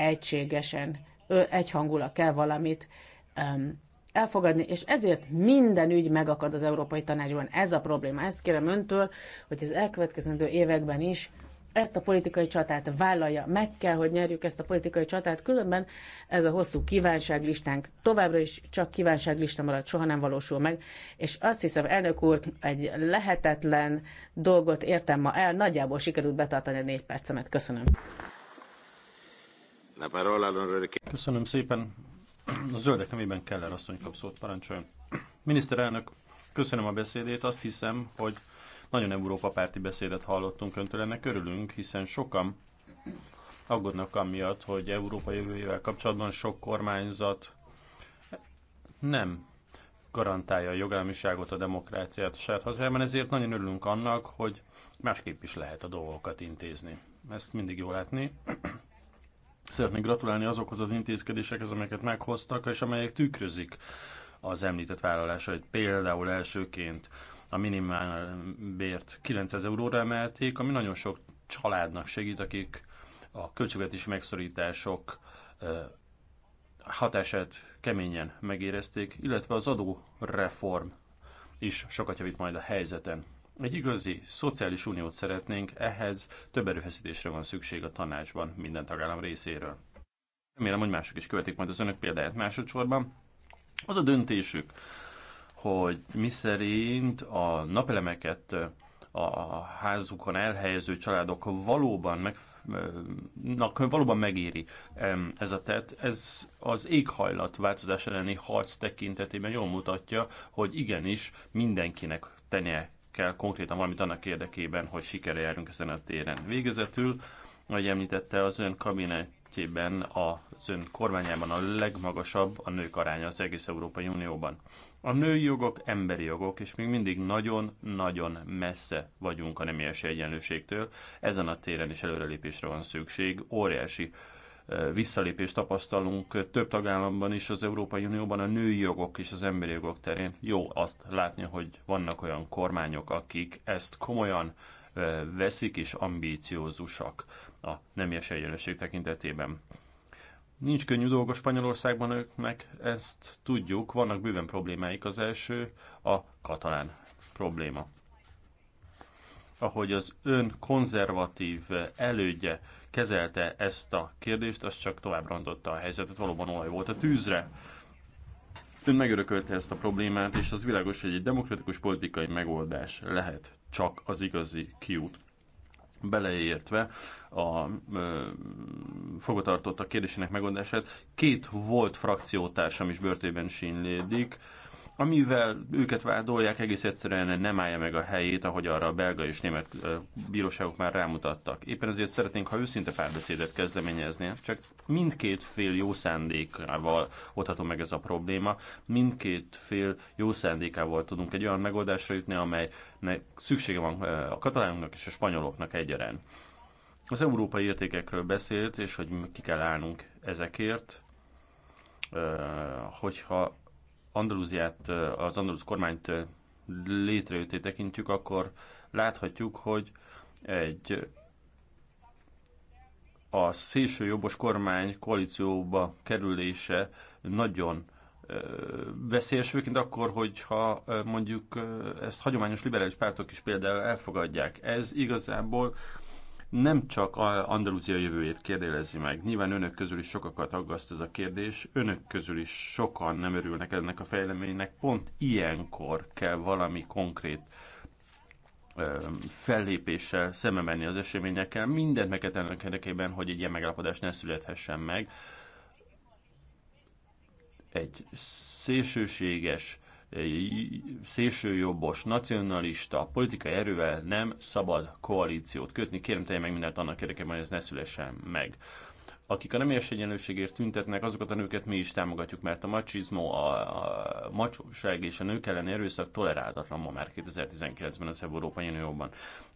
egységesen, egyhangulag kell valamit elfogadni, és ezért minden ügy megakad az Európai Tanácsban. Ez a probléma. Ezt kérem öntől, hogy az elkövetkezendő években is ezt a politikai csatát vállalja. Meg kell, hogy nyerjük ezt a politikai csatát, különben ez a hosszú kívánságlistánk továbbra is csak kívánságlista marad, soha nem valósul meg. És azt hiszem, elnök úr, egy lehetetlen dolgot értem ma el, nagyjából sikerült betartani a négy percemet. Köszönöm. Köszönöm szépen. A zöldek nevében Keller asszony kap szót, parancsoljon. Miniszterelnök, köszönöm a beszédét. Azt hiszem, hogy nagyon Európa párti beszédet hallottunk öntől, ennek örülünk, hiszen sokan aggódnak amiatt, hogy Európa jövőjével kapcsolatban sok kormányzat nem garantálja a jogállamiságot, a demokráciát a saját hazájában, ezért nagyon örülünk annak, hogy másképp is lehet a dolgokat intézni. Ezt mindig jó látni. Szeretnék gratulálni azokhoz az intézkedésekhez, amelyeket meghoztak, és amelyek tükrözik az említett vállalásait. Például elsőként a minimálbért 900 euróra emelték, ami nagyon sok családnak segít, akik a költségvetési megszorítások hatását keményen megérezték, illetve az adóreform is sokat javít majd a helyzeten. Egy igazi szociális uniót szeretnénk, ehhez több erőfeszítésre van szükség a tanácsban minden tagállam részéről. Remélem, hogy mások is követik majd az önök példáját másodszorban. Az a döntésük, hogy miszerint a napelemeket a házukon elhelyező családok valóban, meg, valóban megéri ez a tett. Ez az éghajlat változás elleni harc tekintetében jól mutatja, hogy igenis mindenkinek tenye kell konkrétan valamit annak érdekében, hogy sikere járjunk ezen a téren. Végezetül, ahogy említette, az ön kabinetjében, az ön kormányában a legmagasabb a nők aránya az egész Európai Unióban. A női jogok emberi jogok, és még mindig nagyon-nagyon messze vagyunk a nemies egyenlőségtől. Ezen a téren is előrelépésre van szükség, óriási uh, visszalépést tapasztalunk több tagállamban is az Európai Unióban a női jogok és az emberi jogok terén. Jó azt látni, hogy vannak olyan kormányok, akik ezt komolyan veszik és ambíciózusak a nemies egyenlőség tekintetében. Nincs könnyű dolga Spanyolországban Ők meg ezt tudjuk, vannak bőven problémáik. Az első a katalán probléma ahogy az ön konzervatív elődje kezelte ezt a kérdést, az csak tovább rontotta a helyzetet, valóban olaj volt a tűzre. Ön megörökölte ezt a problémát, és az világos, hogy egy demokratikus politikai megoldás lehet csak az igazi kiút beleértve a ö, a kérdésének megoldását. Két volt frakciótársam is börtében sínlédik, amivel őket vádolják, egész egyszerűen nem állja meg a helyét, ahogy arra a belga és német bíróságok már rámutattak. Éppen ezért szeretnénk, ha őszinte párbeszédet kezdeményezni, csak mindkét fél jó szándékával oldható meg ez a probléma, mindkét fél jó szándékával tudunk egy olyan megoldásra jutni, amelynek szüksége van a katalánoknak és a spanyoloknak egyaránt. Az európai értékekről beszélt, és hogy ki kell állnunk ezekért, hogyha Andalúziát, az andalusz kormányt létrejöttét tekintjük, akkor láthatjuk, hogy egy a szélső jobbos kormány koalícióba kerülése nagyon veszélyes, főként akkor, hogyha mondjuk ezt hagyományos liberális pártok is például elfogadják. Ez igazából nem csak Andalúzia jövőjét kérdélezi meg. Nyilván önök közül is sokakat aggaszt ez a kérdés, önök közül is sokan nem örülnek ennek a fejleménynek. Pont ilyenkor kell valami konkrét fellépéssel szembe menni az eseményekkel. Mindent meg kell érdekében, hogy egy ilyen megállapodás ne születhessen meg. Egy szélsőséges, szélsőjobbos, nacionalista politikai erővel nem szabad koalíciót kötni. Kérem, tegye meg mindent annak érdekében, hogy ez ne szülessen meg akik a nemélyes egyenlőségért tüntetnek, azokat a nőket mi is támogatjuk, mert a macsizmó, a, a macsóság és a nők elleni erőszak toleráltatlan ma már 2019-ben az Európai Unióban.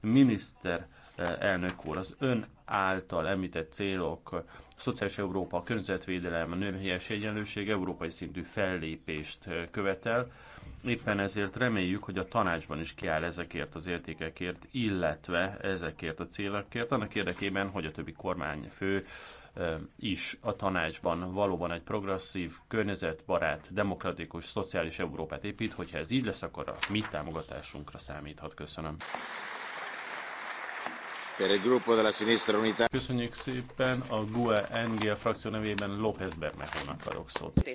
Miniszter eh, elnök úr, az ön által említett célok, a szociális Európa, a környezetvédelem, a nőhelyes egyenlőség európai szintű fellépést eh, követel. Éppen ezért reméljük, hogy a tanácsban is kiáll ezekért az értékekért, illetve ezekért a célokért, annak érdekében, hogy a többi kormányfő is a tanácsban valóban egy progresszív, környezetbarát, demokratikus, szociális Európát épít. Hogyha ez így lesz, akkor a mi támogatásunkra számíthat. Köszönöm. Köszönjük szépen a GUE NGL frakció nevében López Bermehónak adok szót.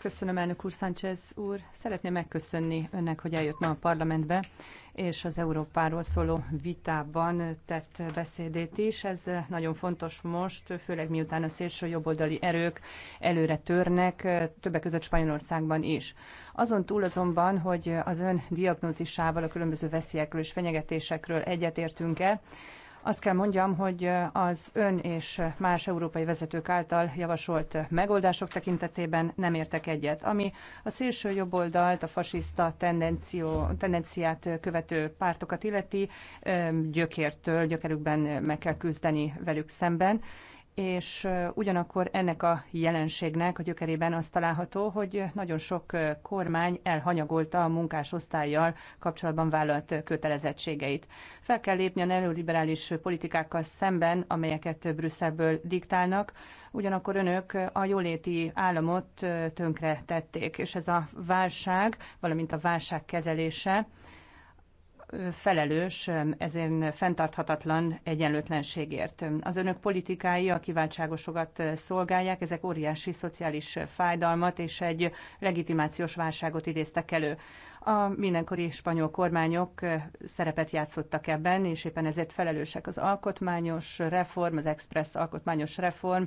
Köszönöm, elnök úr Sánchez úr. Szeretném megköszönni önnek, hogy eljött ma a parlamentbe és az Európáról szóló vitában tett beszédét is. Ez nagyon fontos most, főleg miután a szélső jobboldali erők előre törnek, többek között Spanyolországban is. Azon túl azonban, hogy az ön diagnózisával a különböző veszélyekről és fenyegetésekről egyetértünk-e, azt kell mondjam, hogy az ön és más európai vezetők által javasolt megoldások tekintetében nem értek egyet, ami a szélső jobboldalt, a fasiszta tendenció, tendenciát követő pártokat illeti, gyökértől, gyökerükben meg kell küzdeni velük szemben és ugyanakkor ennek a jelenségnek a gyökerében az található, hogy nagyon sok kormány elhanyagolta a munkásosztályjal kapcsolatban vállalt kötelezettségeit. Fel kell lépni a neoliberális politikákkal szemben, amelyeket Brüsszelből diktálnak, ugyanakkor önök a jóléti államot tönkre tették, és ez a válság, valamint a válság kezelése felelős ezen fenntarthatatlan egyenlőtlenségért. Az önök politikái a kiváltságosokat szolgálják, ezek óriási szociális fájdalmat és egy legitimációs válságot idéztek elő. A mindenkori spanyol kormányok szerepet játszottak ebben, és éppen ezért felelősek az alkotmányos reform, az express alkotmányos reform,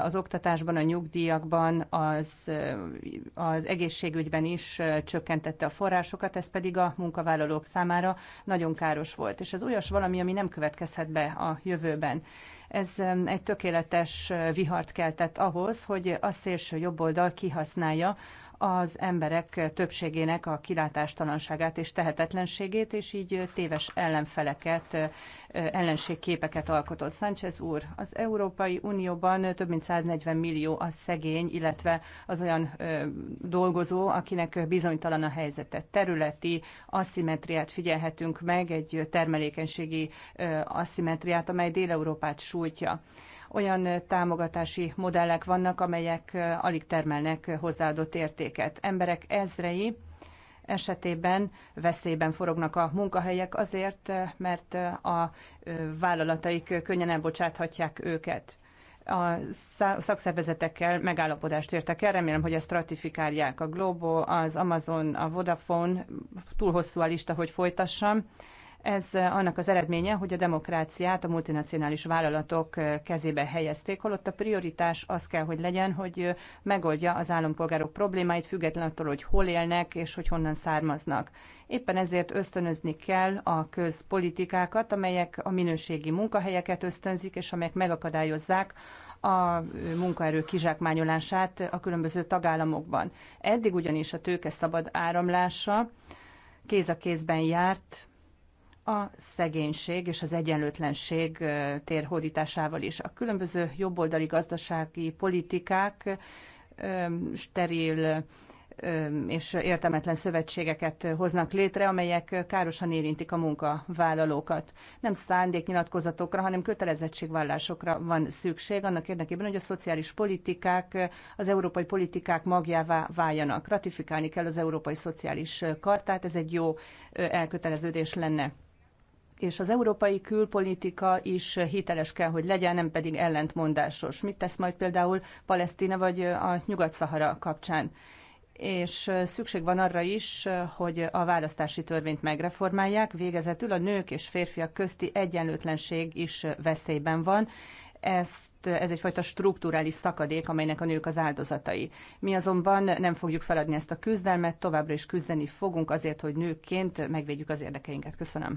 az oktatásban, a nyugdíjakban, az, az egészségügyben is csökkentette a forrásokat, ez pedig a munkavállalók számára nagyon káros volt. És ez olyas valami, ami nem következhet be a jövőben ez egy tökéletes vihart keltett ahhoz, hogy a szélső jobboldal kihasználja az emberek többségének a kilátástalanságát és tehetetlenségét, és így téves ellenfeleket, ellenségképeket alkotott. Sánchez úr, az Európai Unióban több mint 140 millió a szegény, illetve az olyan dolgozó, akinek bizonytalan a helyzete. Területi asszimetriát figyelhetünk meg, egy termelékenységi asszimetriát, amely Dél-Európát sújtja olyan támogatási modellek vannak, amelyek alig termelnek hozzáadott értéket. Emberek ezrei esetében veszélyben forognak a munkahelyek azért, mert a vállalataik könnyen elbocsáthatják őket. A szakszervezetekkel megállapodást értek el, remélem, hogy ezt ratifikálják a Globo, az Amazon, a Vodafone, túl hosszú a lista, hogy folytassam ez annak az eredménye, hogy a demokráciát a multinacionális vállalatok kezébe helyezték, holott a prioritás az kell, hogy legyen, hogy megoldja az állampolgárok problémáit, független attól, hogy hol élnek és hogy honnan származnak. Éppen ezért ösztönözni kell a közpolitikákat, amelyek a minőségi munkahelyeket ösztönzik, és amelyek megakadályozzák a munkaerő kizsákmányolását a különböző tagállamokban. Eddig ugyanis a tőke szabad áramlása kéz a kézben járt a szegénység és az egyenlőtlenség térhódításával is. A különböző jobboldali gazdasági politikák steril és értelmetlen szövetségeket hoznak létre, amelyek károsan érintik a munkavállalókat. Nem szándéknyilatkozatokra, hanem kötelezettségvállásokra van szükség annak érdekében, hogy a szociális politikák az európai politikák magjává váljanak. Ratifikálni kell az európai szociális kartát, ez egy jó elköteleződés lenne és az európai külpolitika is hiteles kell, hogy legyen, nem pedig ellentmondásos. Mit tesz majd például Palesztina vagy a Nyugat-Szahara kapcsán? és szükség van arra is, hogy a választási törvényt megreformálják. Végezetül a nők és férfiak közti egyenlőtlenség is veszélyben van. Ezt, ez egyfajta strukturális szakadék, amelynek a nők az áldozatai. Mi azonban nem fogjuk feladni ezt a küzdelmet, továbbra is küzdeni fogunk azért, hogy nőkként megvédjük az érdekeinket. Köszönöm.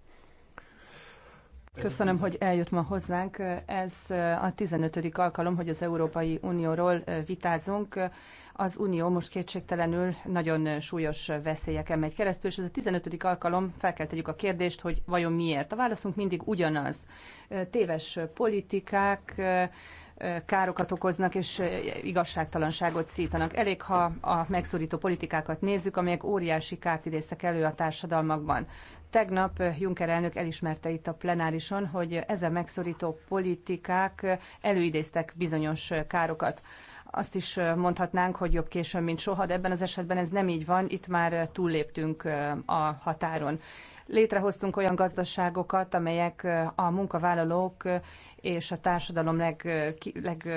Köszönöm, hogy eljött ma hozzánk. Ez a 15. alkalom, hogy az Európai Unióról vitázunk. Az Unió most kétségtelenül nagyon súlyos veszélyeken megy keresztül, és ez a 15. alkalom, fel kell tegyük a kérdést, hogy vajon miért. A válaszunk mindig ugyanaz. Téves politikák, károkat okoznak és igazságtalanságot szítanak. Elég, ha a megszorító politikákat nézzük, amelyek óriási kárt idéztek elő a társadalmakban. Tegnap Juncker elnök elismerte itt a plenárison, hogy ezen megszorító politikák előidéztek bizonyos károkat azt is mondhatnánk, hogy jobb későn, mint soha, de ebben az esetben ez nem így van, itt már túlléptünk a határon. Létrehoztunk olyan gazdaságokat, amelyek a munkavállalók és a társadalom leg,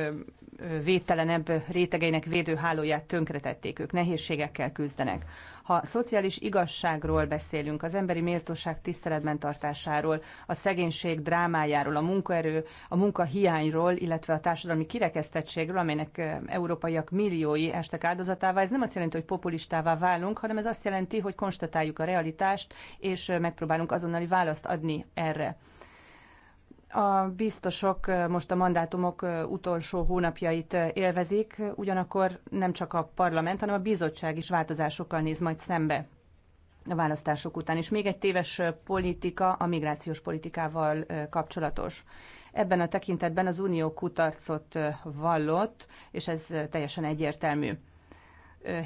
rétegeinek védőhálóját tönkretették. Ők nehézségekkel küzdenek. Ha szociális igazságról beszélünk, az emberi méltóság tiszteletben tartásáról, a szegénység drámájáról, a munkaerő, a munkahiányról, illetve a társadalmi kirekesztettségről, amelynek európaiak milliói estek áldozatává, ez nem azt jelenti, hogy populistává válunk, hanem ez azt jelenti, hogy konstatáljuk a realitást, és megpróbálunk azonnali választ adni erre. A biztosok most a mandátumok utolsó hónapjait élvezik, ugyanakkor nem csak a parlament, hanem a bizottság is változásokkal néz majd szembe a választások után. És még egy téves politika a migrációs politikával kapcsolatos. Ebben a tekintetben az Unió kutarcot vallott, és ez teljesen egyértelmű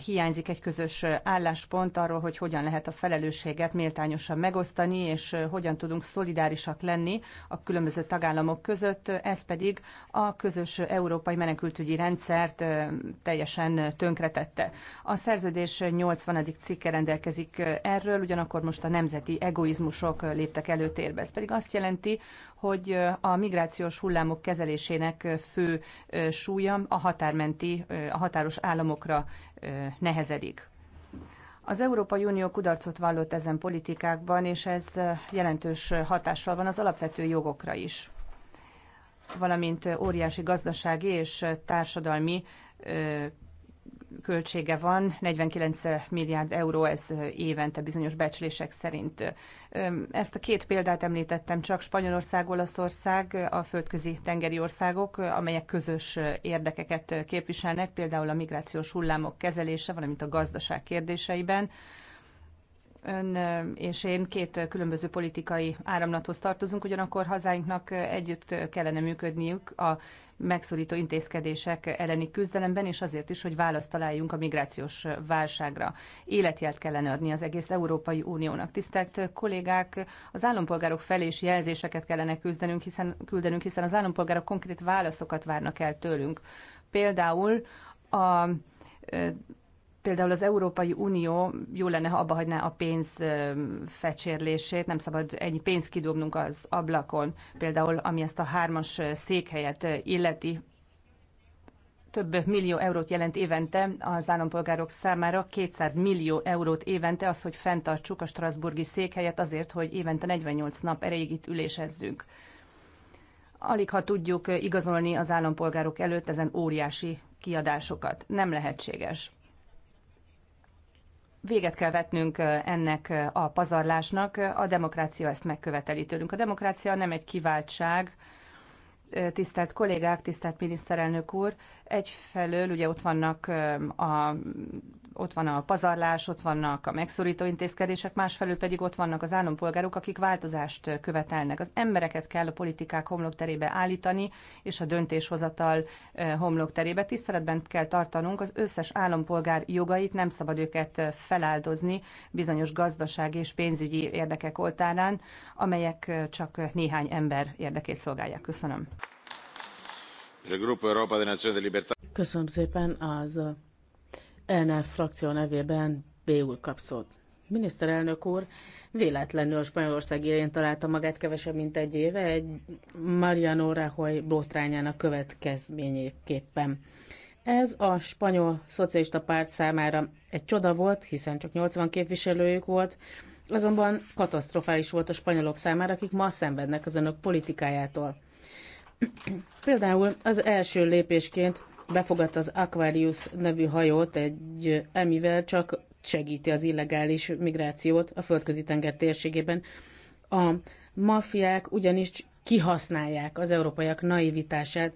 hiányzik egy közös álláspont arról, hogy hogyan lehet a felelősséget méltányosan megosztani, és hogyan tudunk szolidárisak lenni a különböző tagállamok között. Ez pedig a közös európai menekültügyi rendszert teljesen tönkretette. A szerződés 80. cikke rendelkezik erről, ugyanakkor most a nemzeti egoizmusok léptek előtérbe. Ez pedig azt jelenti, hogy a migrációs hullámok kezelésének fő súlya a határmenti, a határos államokra nehezedik. Az Európai Unió kudarcot vallott ezen politikákban, és ez jelentős hatással van az alapvető jogokra is, valamint óriási gazdasági és társadalmi költsége van, 49 milliárd euró ez évente bizonyos becslések szerint. Ezt a két példát említettem csak, Spanyolország, Olaszország, a földközi tengeri országok, amelyek közös érdekeket képviselnek, például a migrációs hullámok kezelése, valamint a gazdaság kérdéseiben, Ön és én két különböző politikai áramlathoz tartozunk, ugyanakkor hazáinknak együtt kellene működniük a megszorító intézkedések elleni küzdelemben, és azért is, hogy választ találjunk a migrációs válságra. Életjelt kellene adni az egész Európai Uniónak. Tisztelt kollégák, az állampolgárok felé is jelzéseket kellene küzdenünk, hiszen, küldenünk, hiszen az állampolgárok konkrét válaszokat várnak el tőlünk. Például a például az Európai Unió jó lenne, ha abba hagyná a pénz fecsérlését, nem szabad ennyi pénzt kidobnunk az ablakon, például ami ezt a hármas székhelyet illeti, több millió eurót jelent évente az állampolgárok számára, 200 millió eurót évente az, hogy fenntartsuk a Strasburgi székhelyet azért, hogy évente 48 nap erejéig itt ülésezzünk. Alig ha tudjuk igazolni az állampolgárok előtt ezen óriási kiadásokat. Nem lehetséges. Véget kell vetnünk ennek a pazarlásnak, a demokrácia ezt megköveteli tőlünk. A demokrácia nem egy kiváltság, tisztelt kollégák, tisztelt miniszterelnök úr, egyfelől ugye ott vannak a ott van a pazarlás, ott vannak a megszorító intézkedések, másfelől pedig ott vannak az állampolgárok, akik változást követelnek. Az embereket kell a politikák homlokterébe állítani, és a döntéshozatal eh, homlokterébe. Tiszteletben kell tartanunk az összes állampolgár jogait, nem szabad őket eh, feláldozni bizonyos gazdasági és pénzügyi érdekek oltárán, amelyek eh, csak néhány ember érdekét szolgálják. Köszönöm. E Köszönöm szépen az ENF frakció nevében B úr kapszott. Miniszterelnök úr, véletlenül Spanyolország irén találta magát kevesebb, mint egy éve, egy Mariano Rajoy botrányának következményéképpen. Ez a spanyol szocialista párt számára egy csoda volt, hiszen csak 80 képviselőjük volt, azonban katasztrofális volt a spanyolok számára, akik ma szenvednek az önök politikájától. Például az első lépésként befogadta az Aquarius nevű hajót, egy, amivel csak segíti az illegális migrációt a földközi tenger térségében. A mafiák ugyanis kihasználják az európaiak naivitását,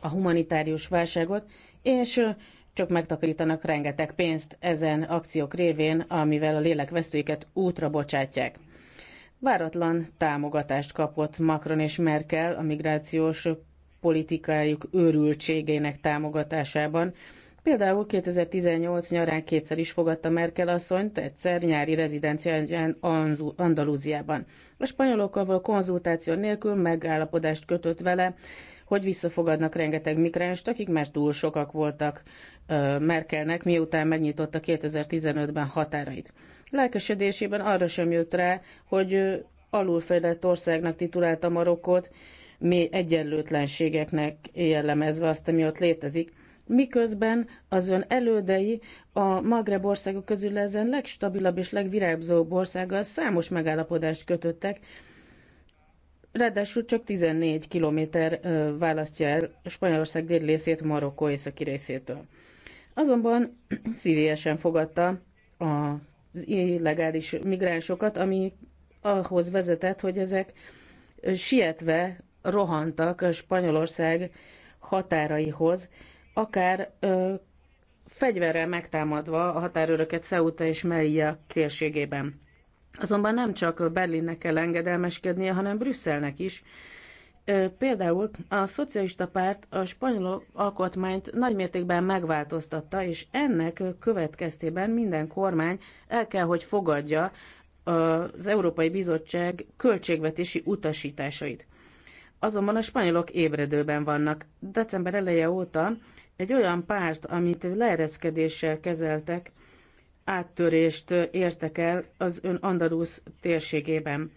a humanitárius válságot, és csak megtakarítanak rengeteg pénzt ezen akciók révén, amivel a lélekvesztőiket útra bocsátják. Váratlan támogatást kapott Macron és Merkel a migrációs politikájuk őrültségének támogatásában. Például 2018 nyarán kétszer is fogadta Merkel asszonyt, egyszer nyári rezidenciáján Andalúziában. A spanyolokkal való konzultáció nélkül megállapodást kötött vele, hogy visszafogadnak rengeteg migránst, akik már túl sokak voltak Merkelnek, miután megnyitotta 2015-ben határait. Lelkesedésében arra sem jött rá, hogy alulfejlett országnak titulálta Marokkot, mély egyenlőtlenségeknek jellemezve azt, ami ott létezik, miközben az ön elődei a Magreb országok közül ezen legstabilabb és legvirágzóbb országgal számos megállapodást kötöttek, Ráadásul csak 14 kilométer választja el Spanyolország déli részét Marokkó északi részétől. Azonban szívélyesen fogadta az illegális migránsokat, ami ahhoz vezetett, hogy ezek sietve rohantak Spanyolország határaihoz, akár ö, fegyverrel megtámadva a határőröket Ceuta és Melilla térségében. Azonban nem csak Berlinnek kell engedelmeskednie, hanem Brüsszelnek is. Például a szocialista párt a spanyol alkotmányt nagymértékben megváltoztatta, és ennek következtében minden kormány el kell, hogy fogadja az Európai Bizottság költségvetési utasításait. Azonban a spanyolok ébredőben vannak. December eleje óta egy olyan párt, amit leereszkedéssel kezeltek, áttörést értek el az ön Andalusz térségében.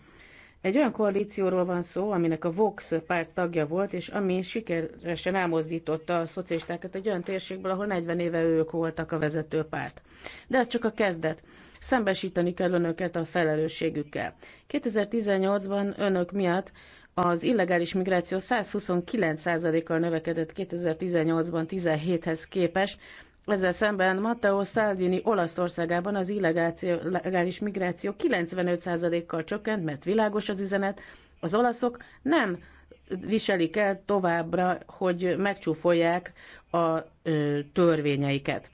Egy olyan koalícióról van szó, aminek a Vox párt tagja volt, és ami sikeresen elmozdította a szocialistákat egy olyan térségből, ahol 40 éve ők voltak a vezető párt. De ez csak a kezdet. Szembesíteni kell önöket a felelősségükkel. 2018-ban önök miatt az illegális migráció 129%-kal növekedett 2018-ban 17-hez képest, ezzel szemben Matteo Salvini Olaszországában az illegális migráció 95%-kal csökkent, mert világos az üzenet, az olaszok nem viselik el továbbra, hogy megcsúfolják a törvényeiket.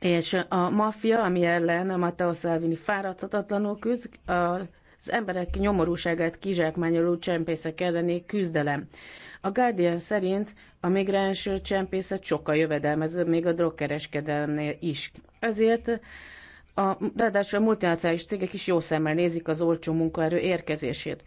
És a maffia, ami ellen a Matteo Salvini fáradhatatlanul küzd, a az emberek nyomorúságát kizsákmányoló csempészek elleni küzdelem. A Guardian szerint a migráns csempészet sokkal jövedelmezőbb még a drogkereskedelemnél is. Ezért a, ráadásul a multinacionális cégek is jó szemmel nézik az olcsó munkaerő érkezését.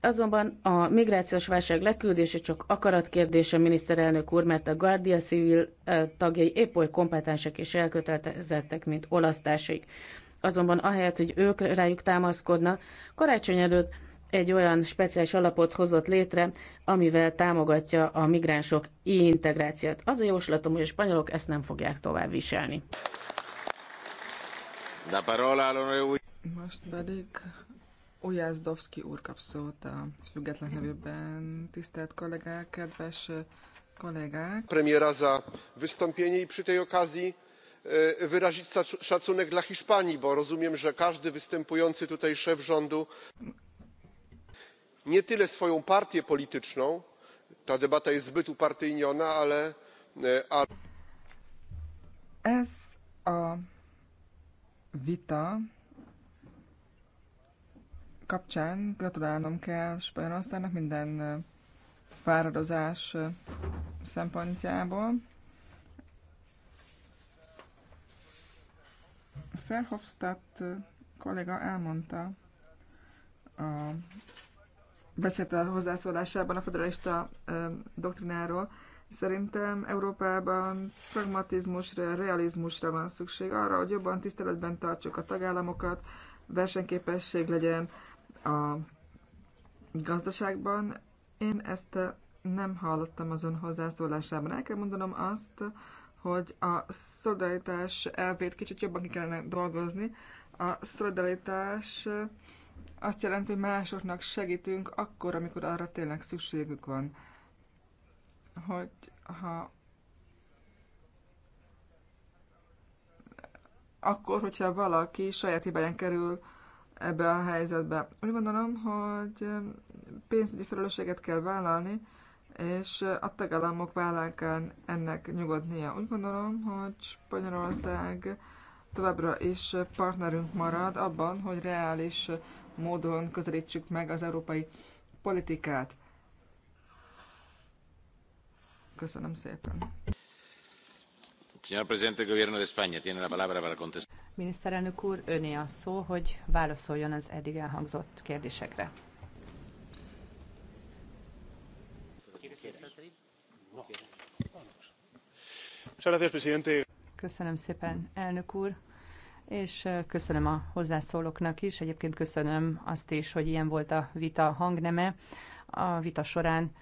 Azonban a migrációs válság leküldése csak kérdése, miniszterelnök úr, mert a Guardia Civil eh, tagjai épp oly kompetensek és elkötelezettek, mint olasztásaik azonban ahelyett, hogy ők rájuk támaszkodna, karácsony előtt egy olyan speciális alapot hozott létre, amivel támogatja a migránsok integrációt. Az a jóslatom, hogy a spanyolok ezt nem fogják tovább viselni. Most pedig Ujázdowski úr kap szót a független nevében. Tisztelt kollégák, kedves kollégák! Premier za wystąpienie i przy tej okazji E, wyrazić szacunek dla hiszpanii bo rozumiem że każdy występujący tutaj szef rządu nie tyle swoją partię polityczną ta debata jest zbyt upartyjniona ale. E, vita kapcsán gratulálnom kell Spanyolországnak minden e, fáradozás szempontjából. Verhofstadt kollega elmondta, a, beszélt a hozzászólásában a federalista doktrináról. Szerintem Európában pragmatizmusra, realizmusra van szükség arra, hogy jobban tiszteletben tartsuk a tagállamokat, versenyképesség legyen a gazdaságban. Én ezt nem hallottam azon hozzászólásában. El kell mondanom azt, hogy a szolidaritás elvét kicsit jobban ki kellene dolgozni. A szolidaritás azt jelenti, hogy másoknak segítünk akkor, amikor arra tényleg szükségük van. Hogy ha akkor, hogyha valaki saját hibáján kerül ebbe a helyzetbe. Úgy gondolom, hogy pénzügyi felelősséget kell vállalni, és a tagállamok vállán kell ennek nyugodnia. Úgy gondolom, hogy Spanyolország továbbra is partnerünk marad abban, hogy reális módon közelítsük meg az európai politikát. Köszönöm szépen. Señor presidente del gobierno de España, tiene la palabra para contestar. Miniszterelnök úr, öné a szó, hogy válaszoljon az eddig elhangzott kérdésekre. Köszönöm szépen, elnök úr, és köszönöm a hozzászólóknak is. Egyébként köszönöm azt is, hogy ilyen volt a vita hangneme. A vita során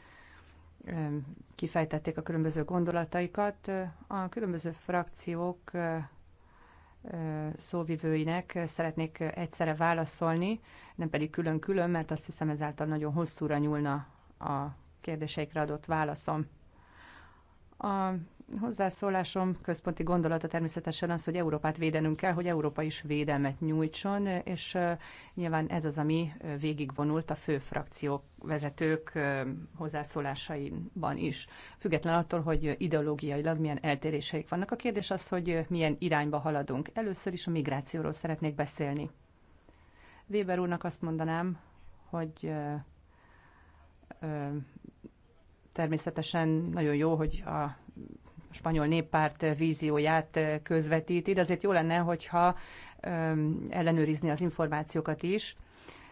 kifejtették a különböző gondolataikat. A különböző frakciók szóvivőinek szeretnék egyszerre válaszolni, nem pedig külön-külön, mert azt hiszem ezáltal nagyon hosszúra nyúlna a kérdéseikre adott válaszom. A hozzászólásom központi gondolata természetesen az, hogy Európát védenünk kell, hogy Európa is védelmet nyújtson, és nyilván ez az, ami végigvonult a fő frakciók vezetők hozzászólásainban is. Független attól, hogy ideológiailag milyen eltéréseik vannak. A kérdés az, hogy milyen irányba haladunk. Először is a migrációról szeretnék beszélni. Weber úrnak azt mondanám, hogy természetesen nagyon jó, hogy a spanyol néppárt vízióját közvetíti, de azért jó lenne, hogyha ellenőrizni az információkat is,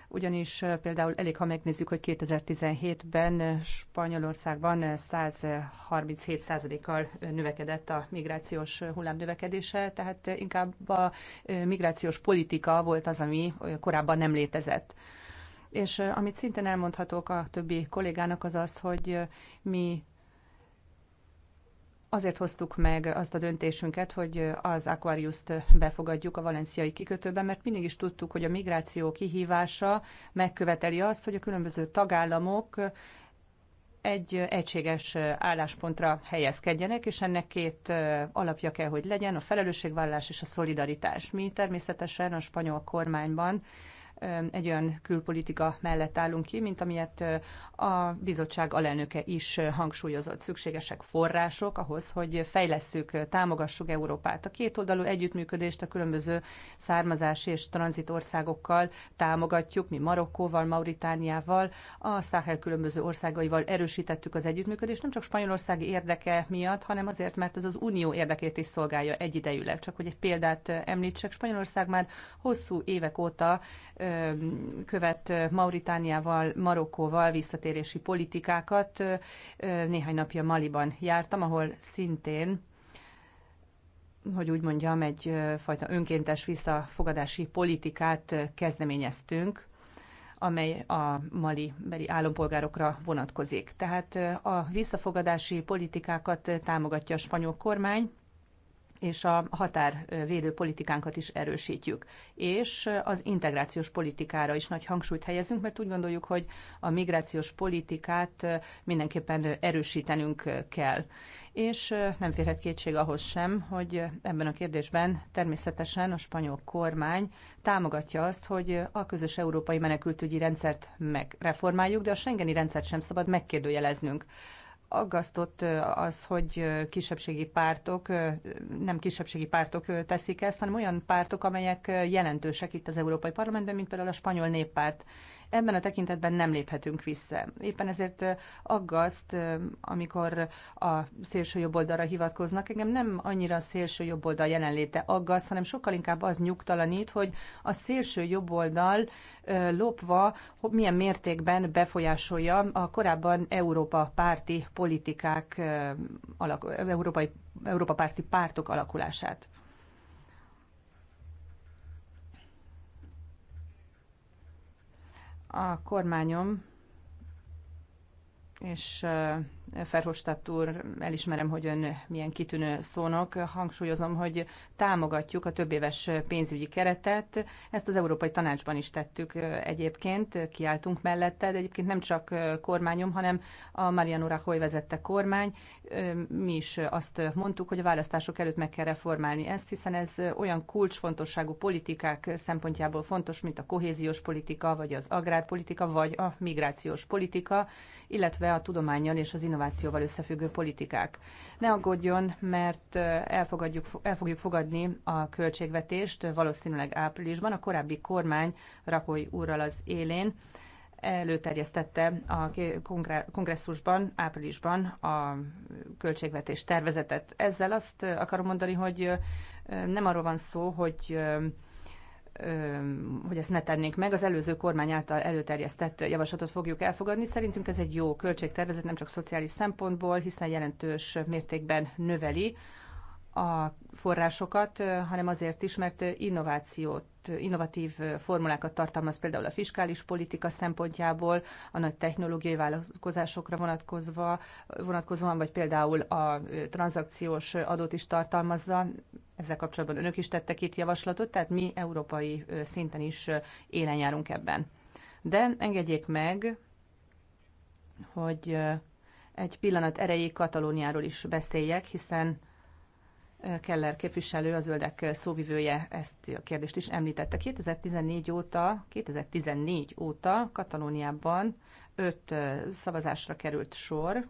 ugyanis például elég, ha megnézzük, hogy 2017-ben Spanyolországban 137%-kal növekedett a migrációs hullám növekedése, tehát inkább a migrációs politika volt az, ami korábban nem létezett. És amit szintén elmondhatok a többi kollégának az az, hogy mi azért hoztuk meg azt a döntésünket, hogy az Aquarius-t befogadjuk a valenciai kikötőben, mert mindig is tudtuk, hogy a migráció kihívása megköveteli azt, hogy a különböző tagállamok egy egységes álláspontra helyezkedjenek, és ennek két alapja kell, hogy legyen, a felelősségvállalás és a szolidaritás. Mi természetesen a spanyol kormányban egy olyan külpolitika mellett állunk ki, mint amilyet a bizottság alelnöke is hangsúlyozott. Szükségesek források ahhoz, hogy fejlesszük, támogassuk Európát. A kétoldalú együttműködést a különböző származás és tranzitországokkal támogatjuk, mi Marokkóval, Mauritániával, a Száhel különböző országaival erősítettük az együttműködést, nem csak Spanyolország érdeke miatt, hanem azért, mert ez az unió érdekét is szolgálja egyidejűleg. Csak hogy egy példát említsek, Spanyolország már hosszú évek óta követ Mauritániával, Marokkóval visszatérési politikákat. Néhány napja Maliban jártam, ahol szintén hogy úgy mondjam, egyfajta önkéntes visszafogadási politikát kezdeményeztünk, amely a mali beli állampolgárokra vonatkozik. Tehát a visszafogadási politikákat támogatja a spanyol kormány, és a határvédő politikánkat is erősítjük. És az integrációs politikára is nagy hangsúlyt helyezünk, mert úgy gondoljuk, hogy a migrációs politikát mindenképpen erősítenünk kell. És nem férhet kétség ahhoz sem, hogy ebben a kérdésben természetesen a spanyol kormány támogatja azt, hogy a közös európai menekültügyi rendszert megreformáljuk, de a Schengeni rendszert sem szabad megkérdőjeleznünk aggasztott az, hogy kisebbségi pártok, nem kisebbségi pártok teszik ezt, hanem olyan pártok, amelyek jelentősek itt az Európai Parlamentben, mint például a spanyol néppárt ebben a tekintetben nem léphetünk vissza. Éppen ezért aggaszt, amikor a szélső jobb oldalra hivatkoznak, engem nem annyira a szélső jobb oldal jelenléte aggaszt, hanem sokkal inkább az nyugtalanít, hogy a szélső jobb oldal lopva milyen mértékben befolyásolja a korábban Európa párti politikák, európai, Európa párti pártok alakulását. a kormányom és Ferhostadt úr, elismerem, hogy ön milyen kitűnő szónok. Hangsúlyozom, hogy támogatjuk a több éves pénzügyi keretet. Ezt az Európai Tanácsban is tettük egyébként, kiálltunk mellette, de egyébként nem csak kormányom, hanem a Mariano Rajoy vezette kormány. Mi is azt mondtuk, hogy a választások előtt meg kell reformálni ezt, hiszen ez olyan kulcsfontosságú politikák szempontjából fontos, mint a kohéziós politika, vagy az agrárpolitika, vagy a migrációs politika illetve a tudományjal és az innovációval összefüggő politikák. Ne aggódjon, mert elfogadjuk, el fogjuk fogadni a költségvetést valószínűleg áprilisban. A korábbi kormány Rahoy úrral az élén előterjesztette a kongresszusban, áprilisban a költségvetés tervezetet. Ezzel azt akarom mondani, hogy nem arról van szó, hogy hogy ezt ne tennénk meg. Az előző kormány által előterjesztett javaslatot fogjuk elfogadni. Szerintünk ez egy jó költségtervezet, nem csak szociális szempontból, hiszen jelentős mértékben növeli a forrásokat, hanem azért is, mert innovációt, innovatív formulákat tartalmaz például a fiskális politika szempontjából, a nagy technológiai vállalkozásokra vonatkozva, vonatkozóan, vagy például a tranzakciós adót is tartalmazza. Ezzel kapcsolatban önök is tettek itt javaslatot, tehát mi európai szinten is élen járunk ebben. De engedjék meg, hogy egy pillanat erejéig Katalóniáról is beszéljek, hiszen Keller képviselő, a zöldek szóvivője ezt a kérdést is említette. 2014 óta, 2014 óta Katalóniában öt szavazásra került sor,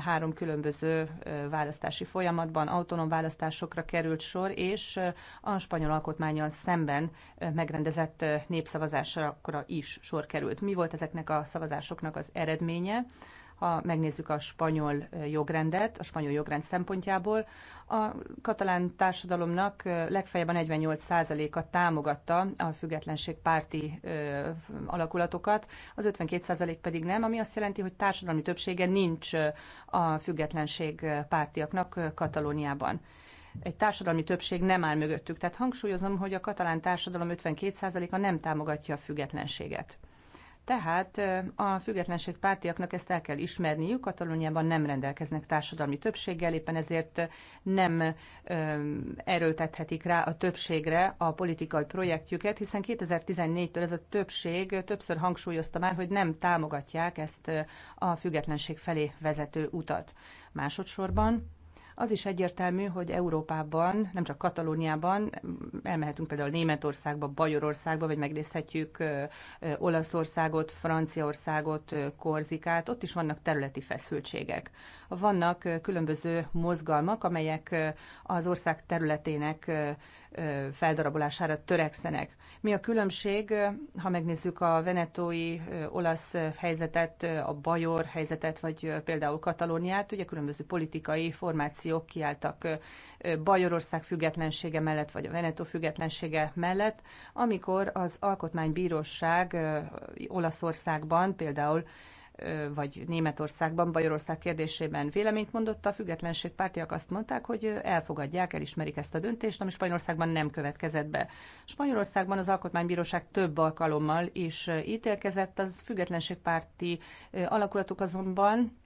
három különböző választási folyamatban autonóm választásokra került sor, és a spanyol alkotmányon szemben megrendezett népszavazásra is sor került. Mi volt ezeknek a szavazásoknak az eredménye? ha megnézzük a spanyol jogrendet, a spanyol jogrend szempontjából, a katalán társadalomnak legfeljebb a 48%-a támogatta a függetlenség párti alakulatokat, az 52% pedig nem, ami azt jelenti, hogy társadalmi többsége nincs a függetlenség pártiaknak Katalóniában egy társadalmi többség nem áll mögöttük. Tehát hangsúlyozom, hogy a katalán társadalom 52%-a nem támogatja a függetlenséget. Tehát a függetlenség pártiaknak ezt el kell ismerniük, Katalóniában nem rendelkeznek társadalmi többséggel, éppen ezért nem erőltethetik rá a többségre a politikai projektjüket, hiszen 2014-től ez a többség többször hangsúlyozta már, hogy nem támogatják ezt a függetlenség felé vezető utat. Másodszorban az is egyértelmű, hogy Európában, nem csak Katalóniában, elmehetünk például Németországba, Bajorországba, vagy megnézhetjük Olaszországot, Franciaországot, Korzikát, ott is vannak területi feszültségek. Vannak különböző mozgalmak, amelyek az ország területének feldarabolására törekszenek. Mi a különbség, ha megnézzük a venetói olasz helyzetet, a bajor helyzetet, vagy például Katalóniát, ugye különböző politikai formációk kiálltak Bajorország függetlensége mellett, vagy a Venetó függetlensége mellett, amikor az Alkotmánybíróság Olaszországban például vagy Németországban, Bajorország kérdésében véleményt mondott, a függetlenség pártiak azt mondták, hogy elfogadják, elismerik ezt a döntést, ami Spanyolországban nem következett be. Spanyolországban az Alkotmánybíróság több alkalommal is ítélkezett, az függetlenségpárti alakulatok azonban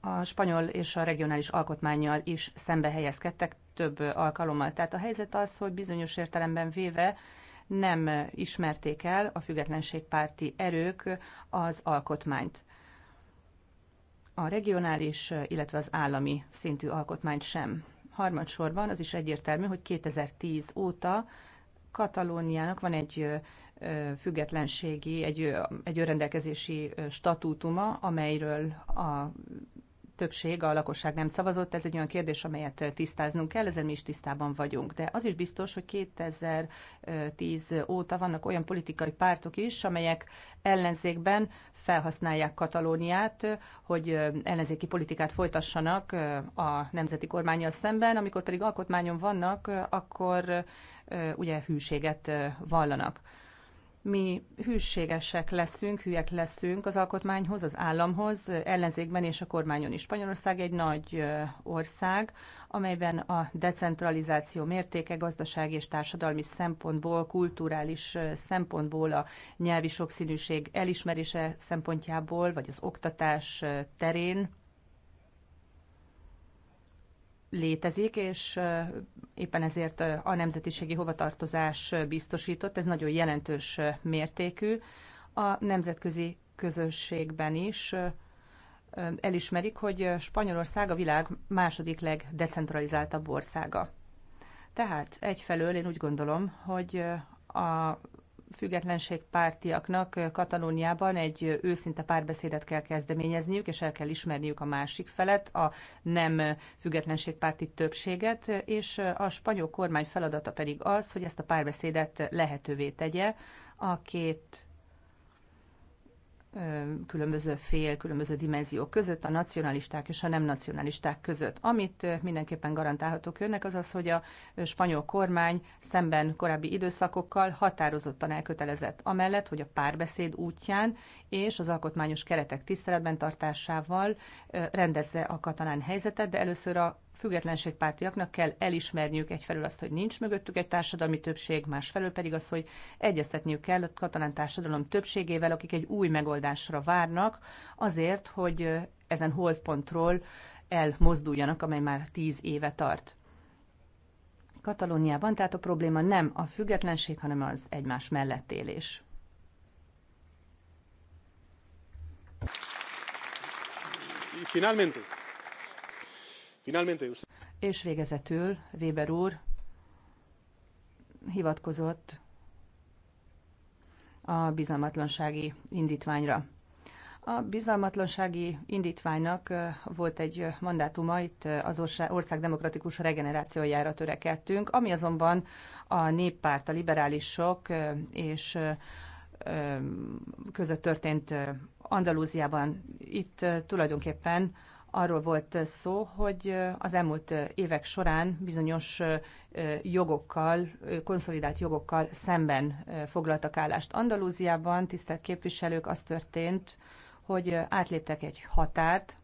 a spanyol és a regionális alkotmányjal is szembe helyezkedtek több alkalommal. Tehát a helyzet az, hogy bizonyos értelemben véve nem ismerték el a függetlenségpárti erők az alkotmányt. A regionális, illetve az állami szintű alkotmányt sem. Harmadsorban az is egyértelmű, hogy 2010 óta Katalóniának van egy függetlenségi, egy, egy önrendelkezési statútuma, amelyről a többség a lakosság nem szavazott. Ez egy olyan kérdés, amelyet tisztáznunk kell, ezen mi is tisztában vagyunk. De az is biztos, hogy 2010 óta vannak olyan politikai pártok is, amelyek ellenzékben felhasználják Katalóniát, hogy ellenzéki politikát folytassanak a nemzeti kormányjal szemben, amikor pedig alkotmányon vannak, akkor ugye hűséget vallanak mi hűségesek leszünk, hülyek leszünk az alkotmányhoz, az államhoz, ellenzékben és a kormányon is. Spanyolország egy nagy ország, amelyben a decentralizáció mértéke gazdasági és társadalmi szempontból, kulturális szempontból, a nyelvi sokszínűség elismerése szempontjából, vagy az oktatás terén létezik, és éppen ezért a nemzetiségi hovatartozás biztosított, ez nagyon jelentős mértékű. A nemzetközi közösségben is elismerik, hogy Spanyolország a világ második legdecentralizáltabb országa. Tehát egyfelől én úgy gondolom, hogy a függetlenségpártiaknak eh, Katalóniában egy eh, őszinte párbeszédet kell kezdeményezniük, és el kell ismerniük a másik felet, a nem eh, függetlenségpárti többséget, és a spanyol kormány feladata pedig az, hogy ezt a párbeszédet lehetővé tegye a két különböző fél, különböző dimenziók között, a nacionalisták és a nem nacionalisták között. Amit mindenképpen garantálhatok önnek, az az, hogy a spanyol kormány szemben korábbi időszakokkal határozottan elkötelezett amellett, hogy a párbeszéd útján és az alkotmányos keretek tiszteletben tartásával rendezze a katalán helyzetet, de először a függetlenségpártiaknak kell elismerniük egyfelől azt, hogy nincs mögöttük egy társadalmi többség, másfelől pedig az, hogy egyeztetniük kell a katalán társadalom többségével, akik egy új megoldásra várnak, azért, hogy ezen holdpontról elmozduljanak, amely már tíz éve tart. Katalóniában tehát a probléma nem a függetlenség, hanem az egymás mellett élés. Finalmente és végezetül Weber úr hivatkozott a bizalmatlansági indítványra. A bizalmatlansági indítványnak volt egy mandátuma, itt az ország demokratikus regenerációjára törekedtünk, ami azonban a néppárt, a liberálisok és között történt Andalúziában. Itt tulajdonképpen arról volt szó, hogy az elmúlt évek során bizonyos jogokkal, konszolidált jogokkal szemben foglaltak állást. Andalúziában tisztelt képviselők az történt, hogy átléptek egy határt,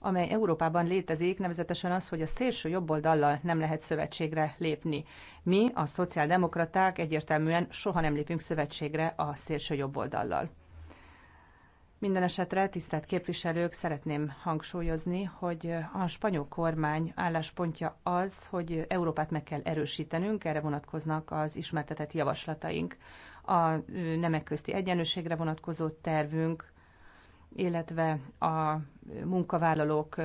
amely Európában létezik, nevezetesen az, hogy a szélső jobboldallal nem lehet szövetségre lépni. Mi, a szociáldemokraták egyértelműen soha nem lépünk szövetségre a szélső jobboldallal. Minden esetre, tisztelt képviselők, szeretném hangsúlyozni, hogy a spanyol kormány álláspontja az, hogy Európát meg kell erősítenünk, erre vonatkoznak az ismertetett javaslataink. A nemek közti egyenlőségre vonatkozó tervünk, illetve a munkavállalók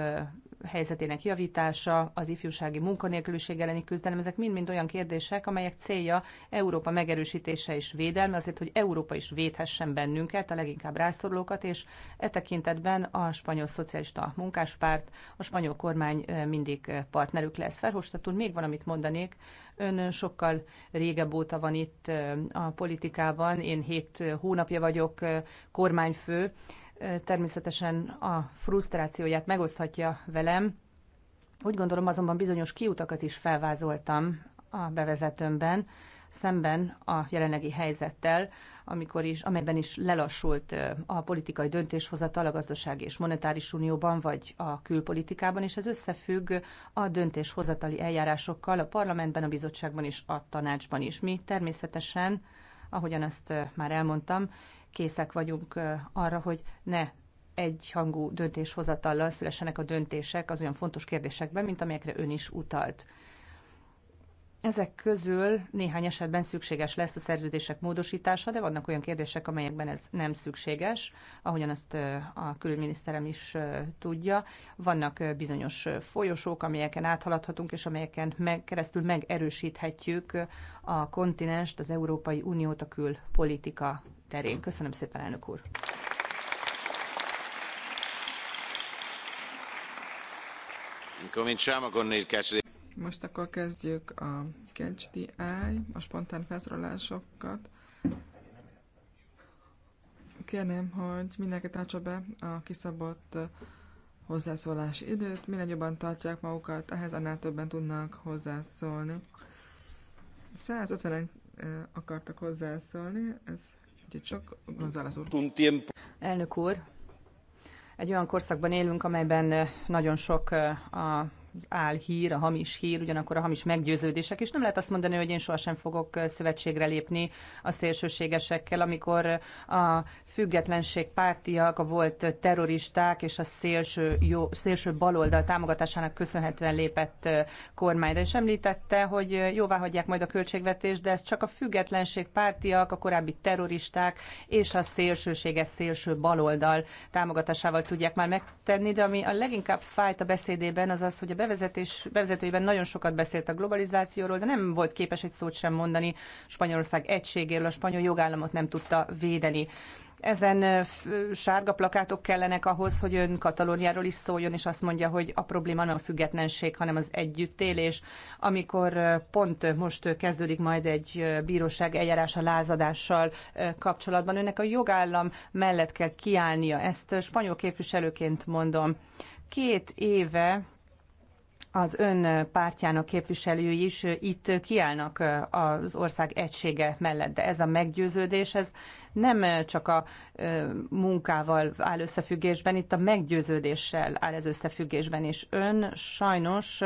helyzetének javítása, az ifjúsági munkanélküliség elleni küzdelem, ezek mind-mind olyan kérdések, amelyek célja Európa megerősítése és védelme, azért, hogy Európa is védhessen bennünket, a leginkább rászorulókat, és e tekintetben a spanyol szocialista munkáspárt, a spanyol kormány mindig partnerük lesz. Ferhostat még van, amit mondanék. Ön sokkal régebb óta van itt a politikában, én hét hónapja vagyok kormányfő, természetesen a frusztrációját megoszthatja velem. Úgy gondolom azonban bizonyos kiutakat is felvázoltam a bevezetőmben, szemben a jelenlegi helyzettel, amikor is, amelyben is lelassult a politikai döntéshozatal a gazdasági és monetáris unióban, vagy a külpolitikában, és ez összefügg a döntéshozatali eljárásokkal a parlamentben, a bizottságban és a tanácsban is. Mi természetesen, ahogyan azt már elmondtam, készek vagyunk arra, hogy ne egyhangú döntéshozatallal szülessenek a döntések az olyan fontos kérdésekben, mint amelyekre ön is utalt. Ezek közül néhány esetben szükséges lesz a szerződések módosítása, de vannak olyan kérdések, amelyekben ez nem szükséges, ahogyan azt a külügyminiszterem is tudja. Vannak bizonyos folyosók, amelyeken áthaladhatunk, és amelyeken meg, keresztül megerősíthetjük a kontinenst, az Európai Uniót a külpolitika terén. Köszönöm szépen, elnök úr! Cominciamo con il most akkor kezdjük a KCDI, a spontán felszólalásokat. Kérném, hogy mindenki tartsa be a kiszabott hozzászólási időt. Minél jobban tartják magukat, ehhez annál többen tudnak hozzászólni. 150-en akartak hozzászólni, ez ugye csak González úr. Elnök úr, egy olyan korszakban élünk, amelyben nagyon sok a álhír, a hamis hír, ugyanakkor a hamis meggyőződések, és nem lehet azt mondani, hogy én sohasem fogok szövetségre lépni a szélsőségesekkel, amikor a függetlenség pártiak, a volt terroristák és a szélső, jó, szélső baloldal támogatásának köszönhetően lépett kormányra. És említette, hogy jóvá hagyják majd a költségvetést, de ez csak a függetlenség pártiak, a korábbi terroristák és a szélsőséges szélső baloldal támogatásával tudják már megtenni, de ami a leginkább fájt a beszédében, az az, hogy a bevezetés, bevezetőjében nagyon sokat beszélt a globalizációról, de nem volt képes egy szót sem mondani Spanyolország egységéről, a spanyol jogállamot nem tudta védeni. Ezen sárga plakátok kellenek ahhoz, hogy ön Katalóniáról is szóljon, és azt mondja, hogy a probléma nem a függetlenség, hanem az együttélés. Amikor pont most kezdődik majd egy bíróság eljárás a lázadással kapcsolatban, önnek a jogállam mellett kell kiállnia. Ezt spanyol képviselőként mondom. Két éve az ön pártjának képviselői is itt kiállnak az ország egysége mellett, de ez a meggyőződés, ez nem csak a munkával áll összefüggésben, itt a meggyőződéssel áll ez összefüggésben, és ön sajnos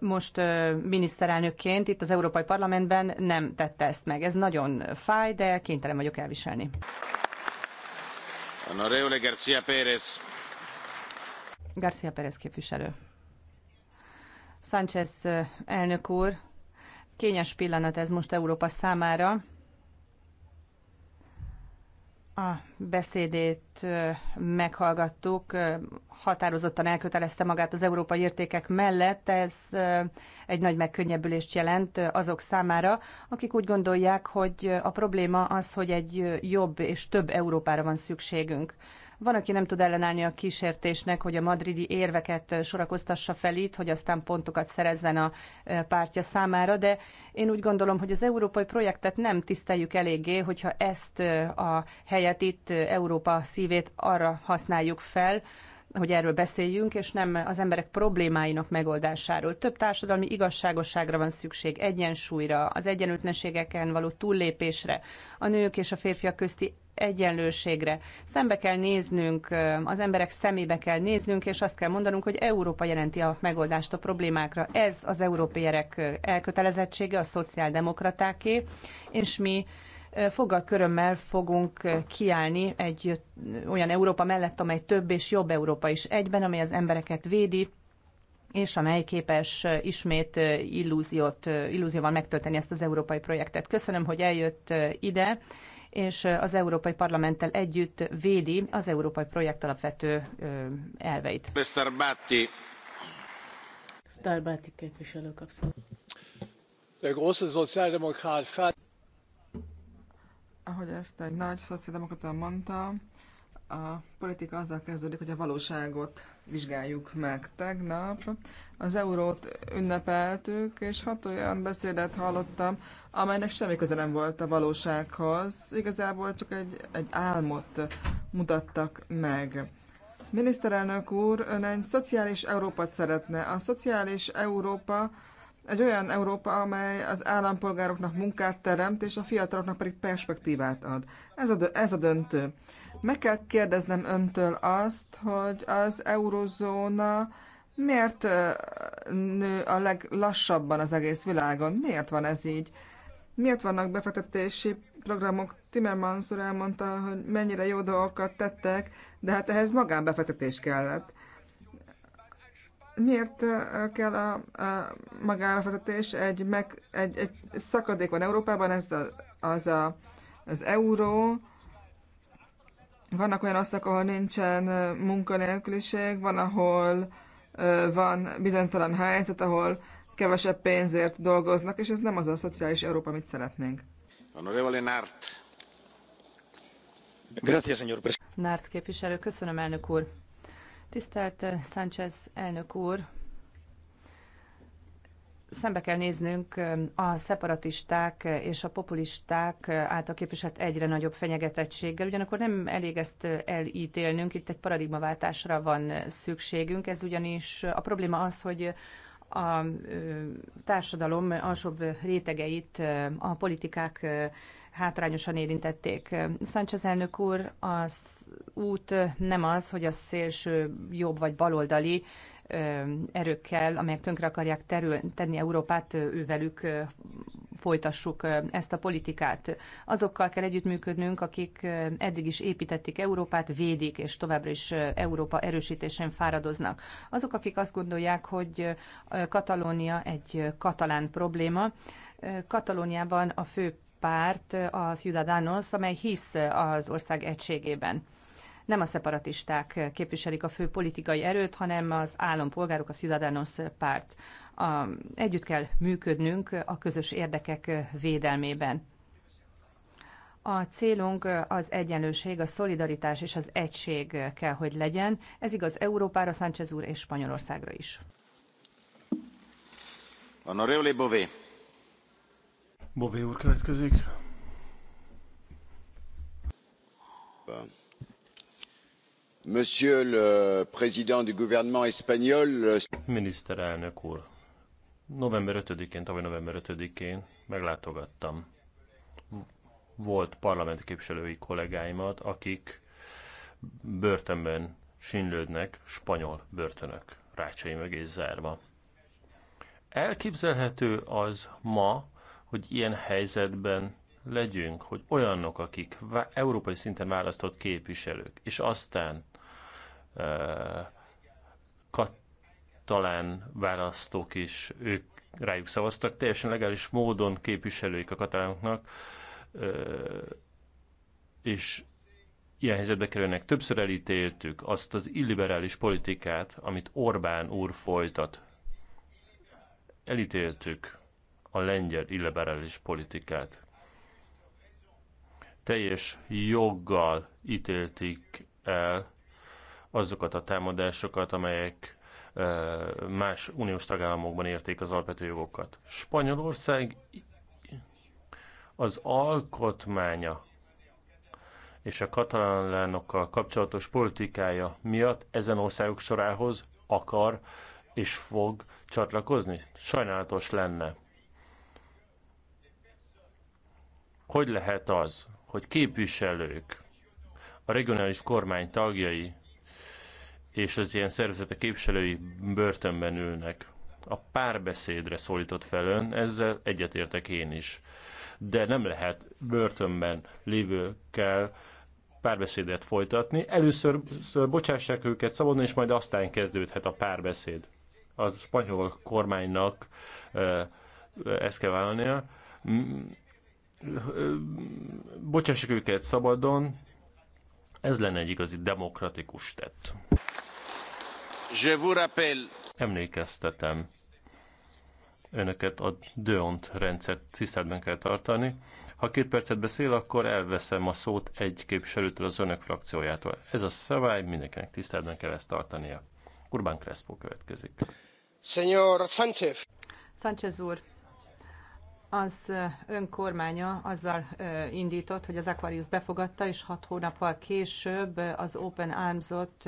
most miniszterelnökként itt az Európai Parlamentben nem tette ezt meg. Ez nagyon fáj, de kénytelen vagyok elviselni. Honorable García Pérez Garcia Perez képviselő. Sánchez eh, elnök úr, kényes pillanat ez most Európa számára. A beszédét eh, meghallgattuk, eh, határozottan elkötelezte magát az európai értékek mellett, ez egy nagy megkönnyebbülést jelent azok számára, akik úgy gondolják, hogy a probléma az, hogy egy jobb és több Európára van szükségünk. Van, aki nem tud ellenállni a kísértésnek, hogy a madridi érveket sorakoztassa fel itt, hogy aztán pontokat szerezzen a e, pártja számára, de én úgy gondolom, hogy az európai projektet nem tiszteljük eléggé, hogyha ezt e, a helyet itt, e, Európa szívét arra használjuk fel, hogy erről beszéljünk, és nem az emberek problémáinak megoldásáról. Több társadalmi igazságosságra van szükség, egyensúlyra, az egyenlőtlenségeken való túllépésre, a nők és a férfiak közti egyenlőségre. Szembe kell néznünk, az emberek szemébe kell néznünk, és azt kell mondanunk, hogy Európa jelenti a megoldást a problémákra. Ez az európai erek elkötelezettsége, a szociáldemokratáké, és mi foggal körömmel fogunk kiállni egy olyan Európa mellett, amely több és jobb Európa is egyben, amely az embereket védi, és amely képes ismét illúziót, illúzióval megtölteni ezt az európai projektet. Köszönöm, hogy eljött ide és az Európai Parlamenttel együtt védi az európai projekt alapvető elveit. Mr. Batti. Starbati képviselő kapszol. ahogy ezt egy nagy szociáldemokrata mondta, a politika azzal kezdődik, hogy a valóságot vizsgáljuk meg. Tegnap az eurót ünnepeltük, és hat olyan beszédet hallottam, amelynek semmi köze nem volt a valósághoz. Igazából csak egy, egy álmot mutattak meg. Miniszterelnök úr, ön egy szociális Európát szeretne. A szociális Európa egy olyan Európa, amely az állampolgároknak munkát teremt, és a fiataloknak pedig perspektívát ad. Ez a, ez a döntő. Meg kell kérdeznem öntől azt, hogy az eurozóna miért nő a leglassabban az egész világon? Miért van ez így? Miért vannak befektetési programok? Timmermans úr elmondta, hogy mennyire jó dolgokat tettek, de hát ehhez magánbefektetés kellett miért kell a, a magállapotás? Egy, meg, egy, egy szakadék van Európában, ez a, az, a, az euró. Vannak olyan országok, ahol nincsen munkanélküliség, van, ahol van bizonytalan helyzet, ahol kevesebb pénzért dolgoznak, és ez nem az a szociális Európa, amit szeretnénk. Nárt képviselő, köszönöm, elnök úr. Tisztelt Sánchez elnök úr, szembe kell néznünk a szeparatisták és a populisták által képviselt egyre nagyobb fenyegetettséggel. Ugyanakkor nem elég ezt elítélnünk, itt egy paradigmaváltásra van szükségünk. Ez ugyanis a probléma az, hogy a társadalom alsóbb rétegeit a politikák hátrányosan érintették. Sánchez elnök úr az út nem az, hogy a szélső jobb vagy baloldali erőkkel, amelyek tönkre akarják terül, tenni Európát, ővelük folytassuk ezt a politikát. Azokkal kell együttműködnünk, akik eddig is építették Európát, védik, és továbbra is Európa erősítésén fáradoznak. Azok, akik azt gondolják, hogy Katalónia egy katalán probléma, Katalóniában a fő párt, a Ciudadanos, amely hisz az ország egységében nem a szeparatisták képviselik a fő politikai erőt, hanem az állampolgárok, a Ciudadanos párt. A, együtt kell működnünk a közös érdekek védelmében. A célunk az egyenlőség, a szolidaritás és az egység kell, hogy legyen. Ez igaz Európára, Sánchez úr és Spanyolországra is. Honorable Bové. Bové úr következik. Bon. Monsieur le président du gouvernement espagnol. Miniszterelnök úr, november five én tavaly november five én meglátogattam volt parlamenti képviselői kollégáimat, akik börtönben sínlődnek, spanyol börtönök, rácsai mögé zárva. Elképzelhető az ma, hogy ilyen helyzetben legyünk, hogy olyanok, akik európai szinten választott képviselők, és aztán katalán választók is ők rájuk szavaztak, teljesen legális módon képviselőik a katalánoknak, és ilyen helyzetbe kerülnek. Többször elítéltük azt az illiberális politikát, amit Orbán úr folytat. Elítéltük a lengyel illiberális politikát. Teljes joggal ítéltik el azokat a támadásokat, amelyek más uniós tagállamokban érték az alapvető jogokat. Spanyolország az alkotmánya és a katalánokkal kapcsolatos politikája miatt ezen országok sorához akar és fog csatlakozni? Sajnálatos lenne. Hogy lehet az, hogy képviselők, a regionális kormány tagjai és az ilyen szervezetek képviselői börtönben ülnek. A párbeszédre szólított fel ön, ezzel egyetértek én is. De nem lehet börtönben lévőkkel párbeszédet folytatni. Először szóval bocsássák őket szabadon, és majd aztán kezdődhet a párbeszéd. A spanyol kormánynak ezt kell vállalnia. Bocsássák őket szabadon, ez lenne egy igazi demokratikus tett. Je vous rappelle. Emlékeztetem. Önöket a Deont rendszert tiszteletben kell tartani. Ha két percet beszél, akkor elveszem a szót egy képviselőtől az önök frakciójától. Ez a szabály, mindenkinek tiszteletben kell ezt tartania. Urbán Crespo következik. Señor Sánchez. Sánchez úr, az önkormánya azzal indított, hogy az Aquarius befogadta, és hat hónappal később az Open Arms-ot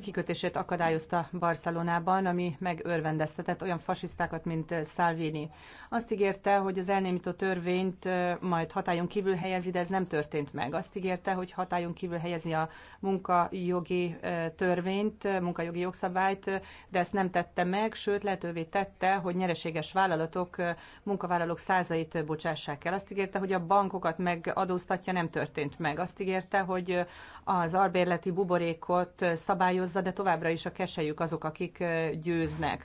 kikötését akadályozta Barcelonában, ami megörvendeztetett olyan fasisztákat, mint Salvini. Azt ígérte, hogy az elnémító törvényt majd hatályon kívül helyezi, de ez nem történt meg. Azt ígérte, hogy hatályon kívül helyezi a munkajogi törvényt, munkajogi jogszabályt, de ezt nem tette meg, sőt lehetővé tette, hogy nyereséges vállalatok munka munkavállalók százait bocsássák el. Azt ígérte, hogy a bankokat megadóztatja, nem történt meg. Azt ígérte, hogy az albérleti buborékot szabályozza, de továbbra is a keselyük azok, akik győznek.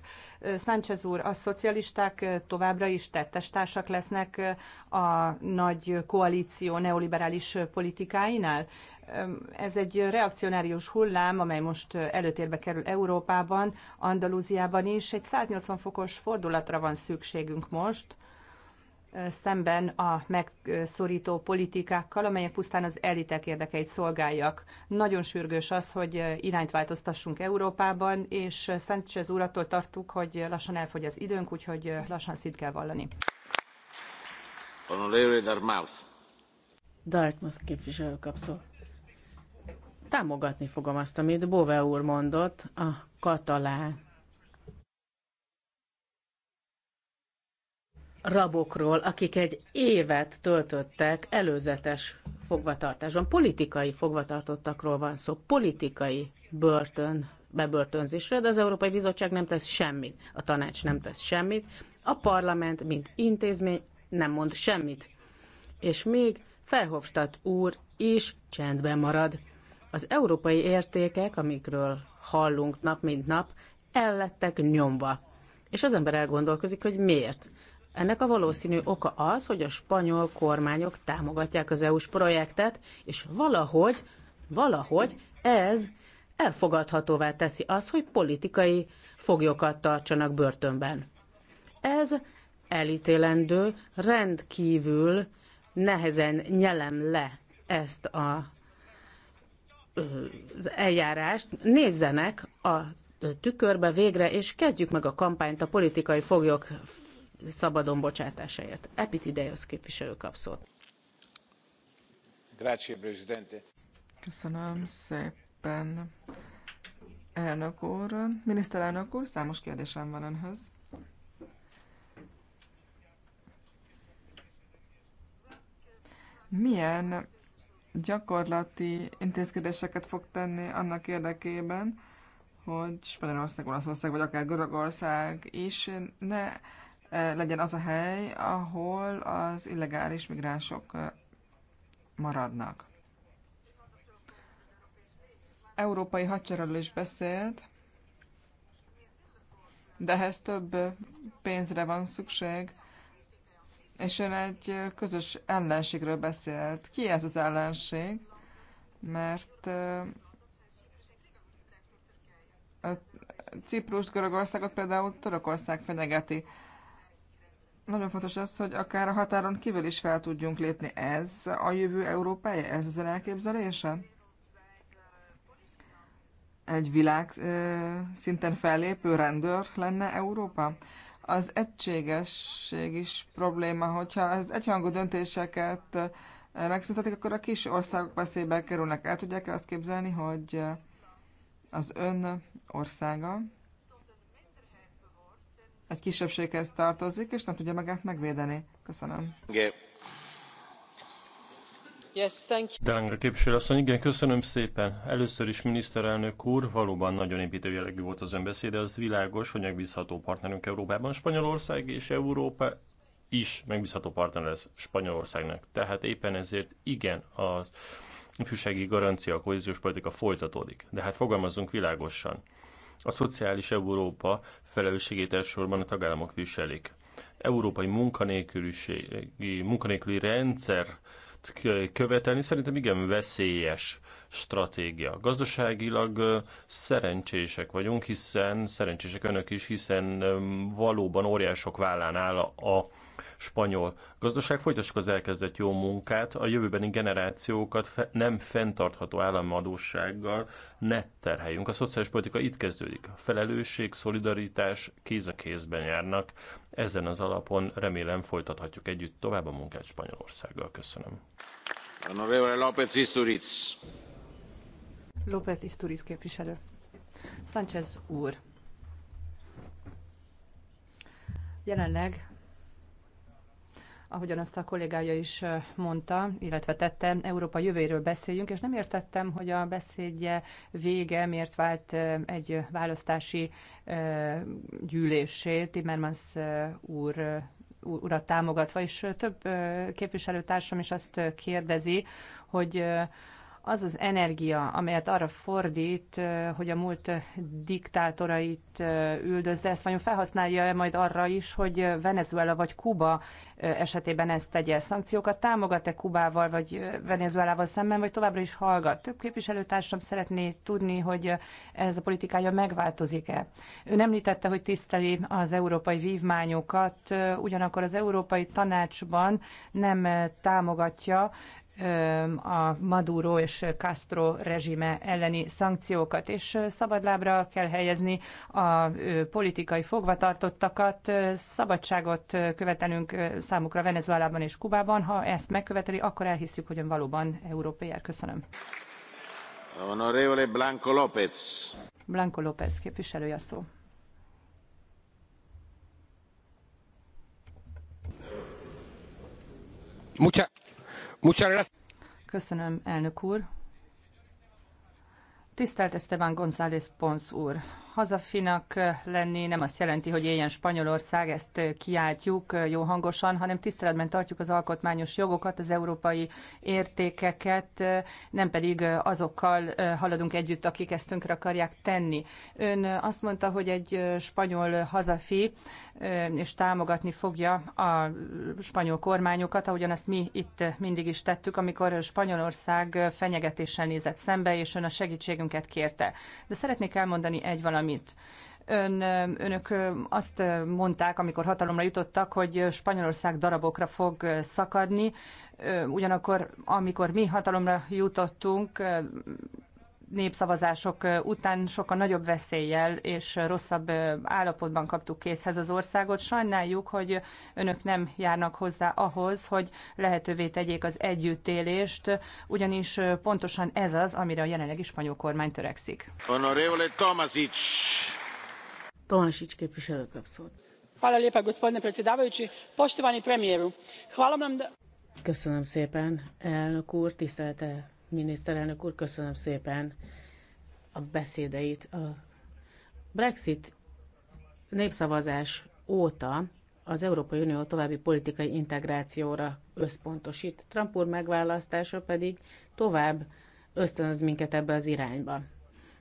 Sánchez úr, a szocialisták továbbra is tettestársak lesznek a nagy koalíció neoliberális politikáinál? Ez egy reakcionárius hullám, amely most előtérbe kerül Európában, Andalúziában is. Egy 180 fokos fordulatra van szükségünk most, szemben a megszorító politikákkal, amelyek pusztán az elitek érdekeit szolgáljak. Nagyon sürgős az, hogy irányt változtassunk Európában, és Sánchez úrattól tartuk, hogy lassan elfogy az időnk, úgyhogy lassan szint kell vallani. Honorary Dartmouth. Dartmouth képviselő kapszó. Támogatni fogom azt, amit Bove úr mondott a katalán rabokról, akik egy évet töltöttek előzetes fogvatartásban. Politikai fogvatartottakról van szó, politikai börtön bebörtönzésről, de az Európai Bizottság nem tesz semmit, a tanács nem tesz semmit, a parlament, mint intézmény nem mond semmit. És még Felhofstadt úr is csendben marad. Az európai értékek, amikről hallunk nap mint nap, ellettek nyomva. És az ember elgondolkozik, hogy miért. Ennek a valószínű oka az, hogy a spanyol kormányok támogatják az EU-s projektet, és valahogy, valahogy ez elfogadhatóvá teszi azt, hogy politikai foglyokat tartsanak börtönben. Ez elítélendő, rendkívül nehezen nyelem le ezt a, az eljárást. Nézzenek a tükörbe végre, és kezdjük meg a kampányt a politikai foglyok szabadon bocsátásáért. Epitideos képviselő kap szót. Köszönöm szépen. Elnök úr, miniszterelnök úr, számos kérdésem van önhöz. Milyen gyakorlati intézkedéseket fog tenni annak érdekében, hogy Spanyolország, Olaszország vagy akár Görögország is ne E, legyen az a hely, ahol az illegális migránsok e, maradnak. Európai hadseregről is beszélt, de ehhez több pénzre van szükség, és ön egy közös ellenségről beszélt. Ki ez az ellenség? Mert e, a Ciprus, Görögországot például Törökország fenyegeti. Nagyon fontos az, hogy akár a határon kívül is fel tudjunk lépni. Ez a jövő Európája? Ez az ön elképzelése? Egy világ szinten fellépő rendőr lenne Európa? Az egységesség is probléma, hogyha az egyhangú döntéseket megszüntetik, akkor a kis országok veszélybe kerülnek. El tudják-e azt képzelni, hogy az ön országa egy kisebbséghez tartozik, és nem tudja magát megvédeni. Köszönöm. Yeah. Yes, thank you. Delanga képviselőasszony, igen, köszönöm szépen. Először is miniszterelnök úr, valóban nagyon építő jellegű volt az önbeszéde, az világos, hogy megbízható partnerünk Európában. Spanyolország és Európa is megbízható partner lesz Spanyolországnak. Tehát éppen ezért igen, az ifjúsági garancia, a kohéziós politika folytatódik. De hát fogalmazzunk világosan. A szociális Európa felelősségét elsősorban a tagállamok viselik. Európai munkanélküli rendszer követelni szerintem igen veszélyes stratégia. Gazdaságilag szerencsések vagyunk, hiszen szerencsések önök is, hiszen valóban óriások vállán áll a spanyol gazdaság folytassuk az elkezdett jó munkát, a jövőbeni generációkat nem fenntartható államadósággal ne terheljünk. A szociális politika itt kezdődik. A felelősség, szolidaritás kéz a kézben járnak. Ezen az alapon remélem folytathatjuk együtt tovább a munkát Spanyolországgal. Köszönöm. López Isturiz. López Isturiz képviselő. Sánchez úr. Jelenleg ahogyan azt a kollégája is mondta, illetve tette, Európa jövőjéről beszéljünk, és nem értettem, hogy a beszédje vége miért vált egy választási gyűlésé Timmermans úr urat támogatva, és több képviselőtársam is azt kérdezi, hogy az az energia, amelyet arra fordít, hogy a múlt diktátorait üldözze, ezt vajon felhasználja-e majd arra is, hogy Venezuela vagy Kuba esetében ezt tegye? Szankciókat támogat-e Kubával vagy Venezuelával szemben, vagy továbbra is hallgat? Több képviselőtársam szeretné tudni, hogy ez a politikája megváltozik-e. Ön említette, hogy tiszteli az európai vívmányokat, ugyanakkor az Európai Tanácsban nem támogatja a Maduro és Castro rezsime elleni szankciókat, és szabadlábra kell helyezni a politikai fogvatartottakat, szabadságot követelünk számukra Venezuelában és Kubában. Ha ezt megköveteli, akkor elhiszük, hogy ön valóban európai Köszönöm. Honorable Blanco López. Blanco López képviselője a szó. Muchas Köszönöm, elnök úr. Tisztelt Esteban González Pons úr! hazafinak lenni nem azt jelenti, hogy éljen Spanyolország, ezt kiáltjuk jó hangosan, hanem tiszteletben tartjuk az alkotmányos jogokat, az európai értékeket, nem pedig azokkal haladunk együtt, akik ezt tönkre akarják tenni. Ön azt mondta, hogy egy spanyol hazafi, és támogatni fogja a spanyol kormányokat, ahogyan ezt mi itt mindig is tettük, amikor Spanyolország fenyegetéssel nézett szembe, és ön a segítségünket kérte. De szeretnék elmondani egy valamit valamit. Ön, önök azt mondták, amikor hatalomra jutottak, hogy Spanyolország darabokra fog szakadni. Ugyanakkor, amikor mi hatalomra jutottunk, népszavazások után sokkal nagyobb veszéllyel és rosszabb állapotban kaptuk készhez az országot. Sajnáljuk, hogy önök nem járnak hozzá ahhoz, hogy lehetővé tegyék az együttélést, ugyanis pontosan ez az, amire a jelenlegi spanyol kormány törekszik. Honorevole Tomasic. Tomasic képviselő kapszót. Hvala lijepa, gospodine predsjedavajući. Poštovani premiéru. hvala vam Köszönöm szépen, elnök úr, tisztelte miniszterelnök úr, köszönöm szépen a beszédeit. A Brexit népszavazás óta az Európai Unió további politikai integrációra összpontosít. Trump úr megválasztása pedig tovább ösztönöz minket ebbe az irányba.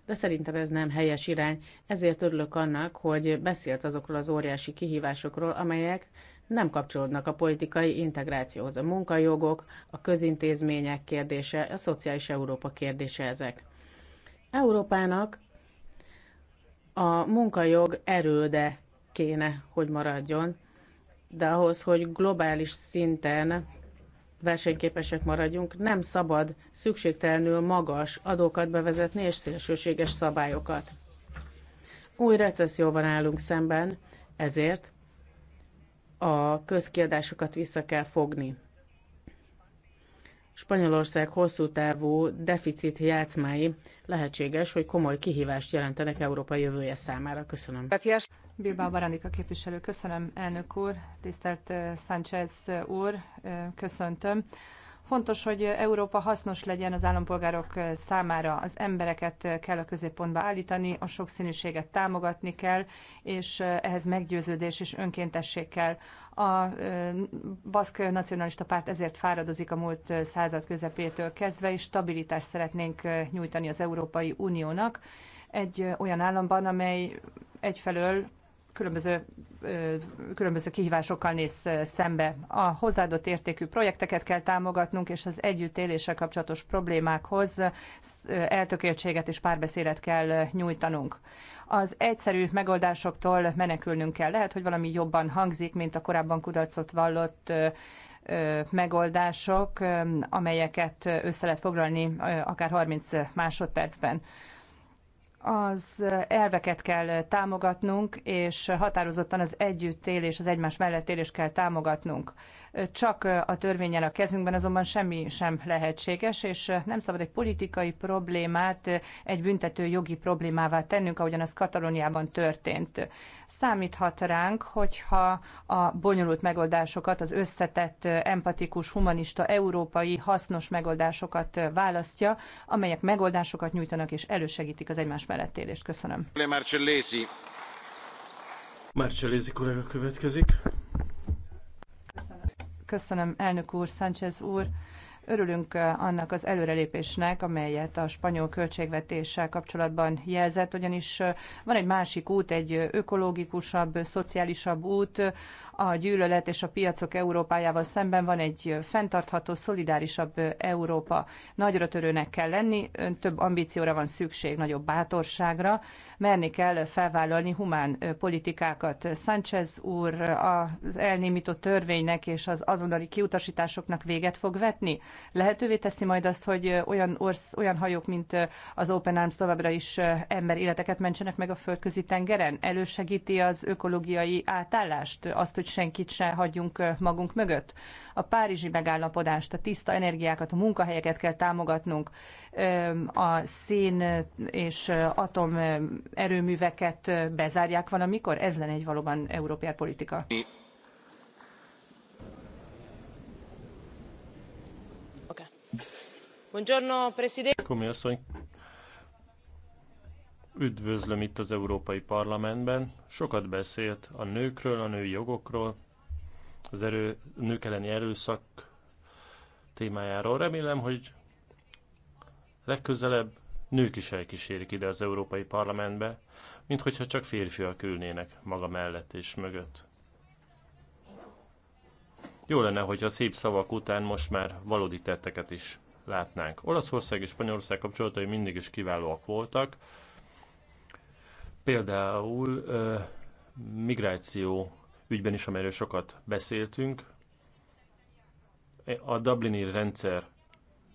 De szerintem ez nem helyes irány, ezért örülök annak, hogy beszélt azokról az óriási kihívásokról, amelyek nem kapcsolódnak a politikai integrációhoz. A munkajogok, a közintézmények kérdése, a szociális Európa kérdése ezek. Európának a munkajog erőde kéne, hogy maradjon, de ahhoz, hogy globális szinten versenyképesek maradjunk, nem szabad szükségtelenül magas adókat bevezetni és szélsőséges szabályokat. Új recesszióval állunk szemben, ezért a közkiadásokat vissza kell fogni. Spanyolország hosszú távú deficit játszmái lehetséges, hogy komoly kihívást jelentenek Európa jövője számára. Köszönöm. Bilbao Baranika képviselő, köszönöm elnök úr, tisztelt Sánchez úr, köszöntöm. Fontos, hogy Európa hasznos legyen az állampolgárok számára. Az embereket kell a középpontba állítani, a sokszínűséget támogatni kell, és ehhez meggyőződés és önkéntesség kell. A Baszk Nacionalista Párt ezért fáradozik a múlt század közepétől kezdve, és stabilitást szeretnénk nyújtani az Európai Uniónak egy olyan államban, amely egyfelől különböző, különböző kihívásokkal néz szembe. A hozzáadott értékű projekteket kell támogatnunk, és az együttéléssel kapcsolatos problémákhoz eltökéltséget és párbeszédet kell nyújtanunk. Az egyszerű megoldásoktól menekülnünk kell. Lehet, hogy valami jobban hangzik, mint a korábban kudarcot vallott megoldások, amelyeket össze lehet foglalni akár 30 másodpercben az elveket kell támogatnunk, és határozottan az együttélés, az egymás mellett élés kell támogatnunk. Csak a törvényel a kezünkben azonban semmi sem lehetséges, és nem szabad egy politikai problémát egy büntető jogi problémává tennünk, ahogyan az Katalóniában történt. Számíthat ránk, hogyha a bonyolult megoldásokat, az összetett, empatikus, humanista, európai, hasznos megoldásokat választja, amelyek megoldásokat nyújtanak és elősegítik az egymás mellett élést. Köszönöm. Marcellesi. Marcellesi kollega következik. Köszönöm, elnök úr, Sánchez úr. Örülünk eh, annak az előrelépésnek, amelyet a spanyol költségvetéssel kapcsolatban jelzett, ugyanis eh, van egy másik út, egy eh, ökológikusabb, szociálisabb út, a gyűlölet és a piacok Európájával szemben van egy fenntartható, szolidárisabb Európa. Nagyra törőnek kell lenni, több ambícióra van szükség, nagyobb bátorságra, merni kell felvállalni humán politikákat. Sánchez úr az elnémított törvénynek és az azonnali kiutasításoknak véget fog vetni. Lehetővé teszi majd azt, hogy olyan, orsz, olyan hajók, mint az Open Arms továbbra is ember életeket mentsenek meg a földközi tengeren? Elősegíti az ökológiai átállást, azt, hogy hogy senkit se hagyjunk magunk mögött. A párizsi megállapodást, a tiszta energiákat, a munkahelyeket kell támogatnunk, a szén és atom erőműveket bezárják valamikor, ez lenne egy valóban európai politika. Buongiorno, Presidente. Come Üdvözlöm itt az Európai Parlamentben. Sokat beszélt a nőkről, a női jogokról, az erő, nők elleni erőszak témájáról. Remélem, hogy legközelebb nők is elkísérik ide az Európai Parlamentbe, mint hogyha csak férfiak ülnének maga mellett és mögött. Jó lenne, hogyha szép szavak után most már valódi tetteket is látnánk. Olaszország és Spanyolország kapcsolatai mindig is kiválóak voltak, Például migráció ügyben is, amelyről sokat beszéltünk, a Dublini rendszer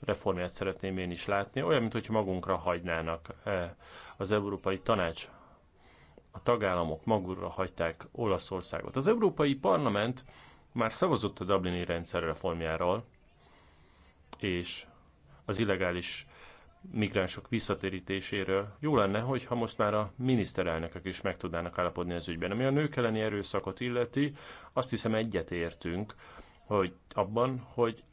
reformját szeretném én is látni, olyan, mintha magunkra hagynának az Európai Tanács a tagállamok magukra hagyták Olaszországot. Az Európai Parlament már szavazott a Dublini rendszer reformjáról, és az illegális migránsok visszatérítéséről. Jó lenne, hogyha most már a miniszterelnökök is meg tudnának állapodni az ügyben. Ami a nők elleni erőszakot illeti, azt hiszem egyetértünk, hogy abban, hogy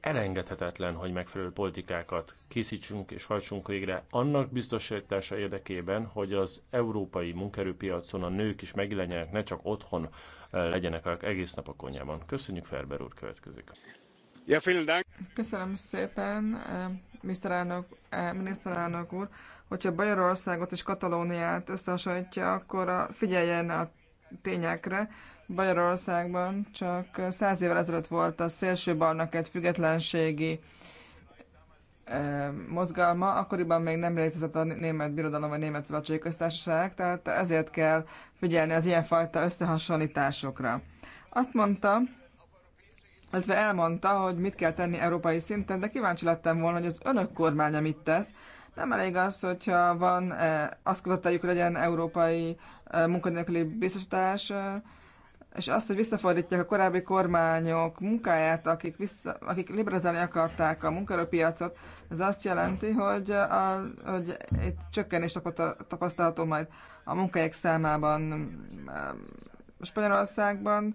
elengedhetetlen, hogy megfelelő politikákat készítsünk és hajtsunk végre annak biztosítása érdekében, hogy az európai munkerőpiacon a nők is megjelenjenek, ne csak otthon eh, legyenek egész nap a konyában. Köszönjük, Ferber úr, következik. Ja, Köszönöm szépen eh, miniszterelnök, eh, miniszterelnök úr, hogyha Bajorországot és Katalóniát összehasonlítja, akkor a, figyeljen a tényekre. Bajorországban csak száz évvel ezelőtt volt a szélső balnak egy függetlenségi e, mozgalma, akkoriban még nem létezett a Német Birodalom vagy Német Szövetségi Köztársaság, tehát ezért kell figyelni az ilyenfajta összehasonlításokra. Azt mondta, illetve elmondta, hogy mit kell tenni európai szinten, de kíváncsi lettem volna, hogy az önök kormánya mit tesz. Nem elég az, hogyha van, eh, azt követeljük, hogy legyen európai eh, munkanélküli biztosítás, eh, és azt, hogy visszafordítják a korábbi kormányok munkáját, akik, vissza, akik liberalizálni akarták a munkaerőpiacot, ez azt jelenti, hogy, a, hogy itt csökkenés tapasztalható majd a munkahelyek számában Spanyolországban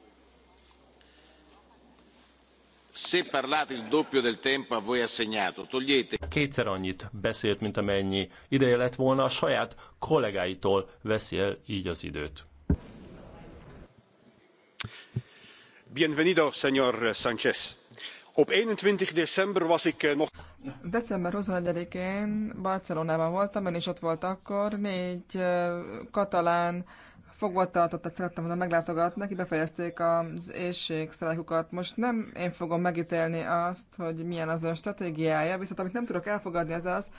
a Kétszer annyit beszélt, mint amennyi ideje lett volna, a saját kollégáitól veszi el így az időt. Bienvenido, señor Sánchez. Op 21 december was ik eh, nog... December 21-én Barcelonában voltam, én is ott volt akkor, négy eh, katalán a szerettem volna meglátogatni, neki befejezték az éjségsztrájkukat. Most nem én fogom megítélni azt, hogy milyen az ön stratégiája, viszont amit nem tudok elfogadni, az az,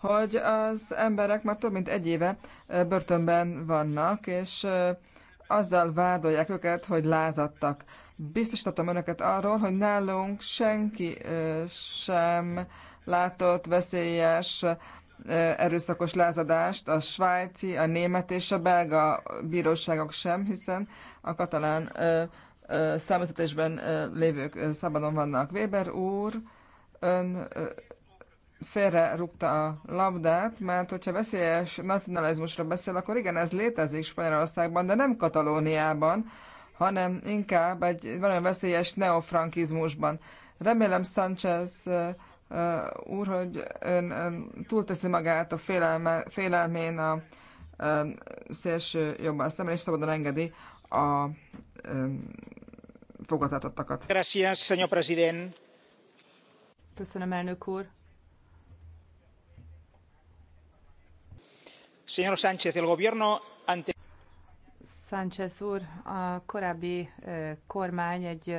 hogy az emberek már több mint egy éve börtönben vannak, és azzal vádolják őket, hogy lázadtak. Biztosítatom önöket arról, hogy nálunk senki sem látott veszélyes erőszakos lázadást a svájci, a német és a belga bíróságok sem, hiszen a katalán számozatésben lévők szabadon vannak. Weber úr ön félre rúgta a labdát, mert hogyha veszélyes nacionalizmusra beszél, akkor igen, ez létezik Spanyolországban, de nem Katalóniában, hanem inkább egy nagyon veszélyes neofrankizmusban. Remélem Sánchez úr, hogy ön túlteszi magát a félelme, félelmén a szélső jobban szemben, és szabadon engedi a fogadhatottakat. Gracias, señor president. Köszönöm, elnök úr. Señor Sánchez, el gobierno ante... Sánchez úr, a korábbi kormány egy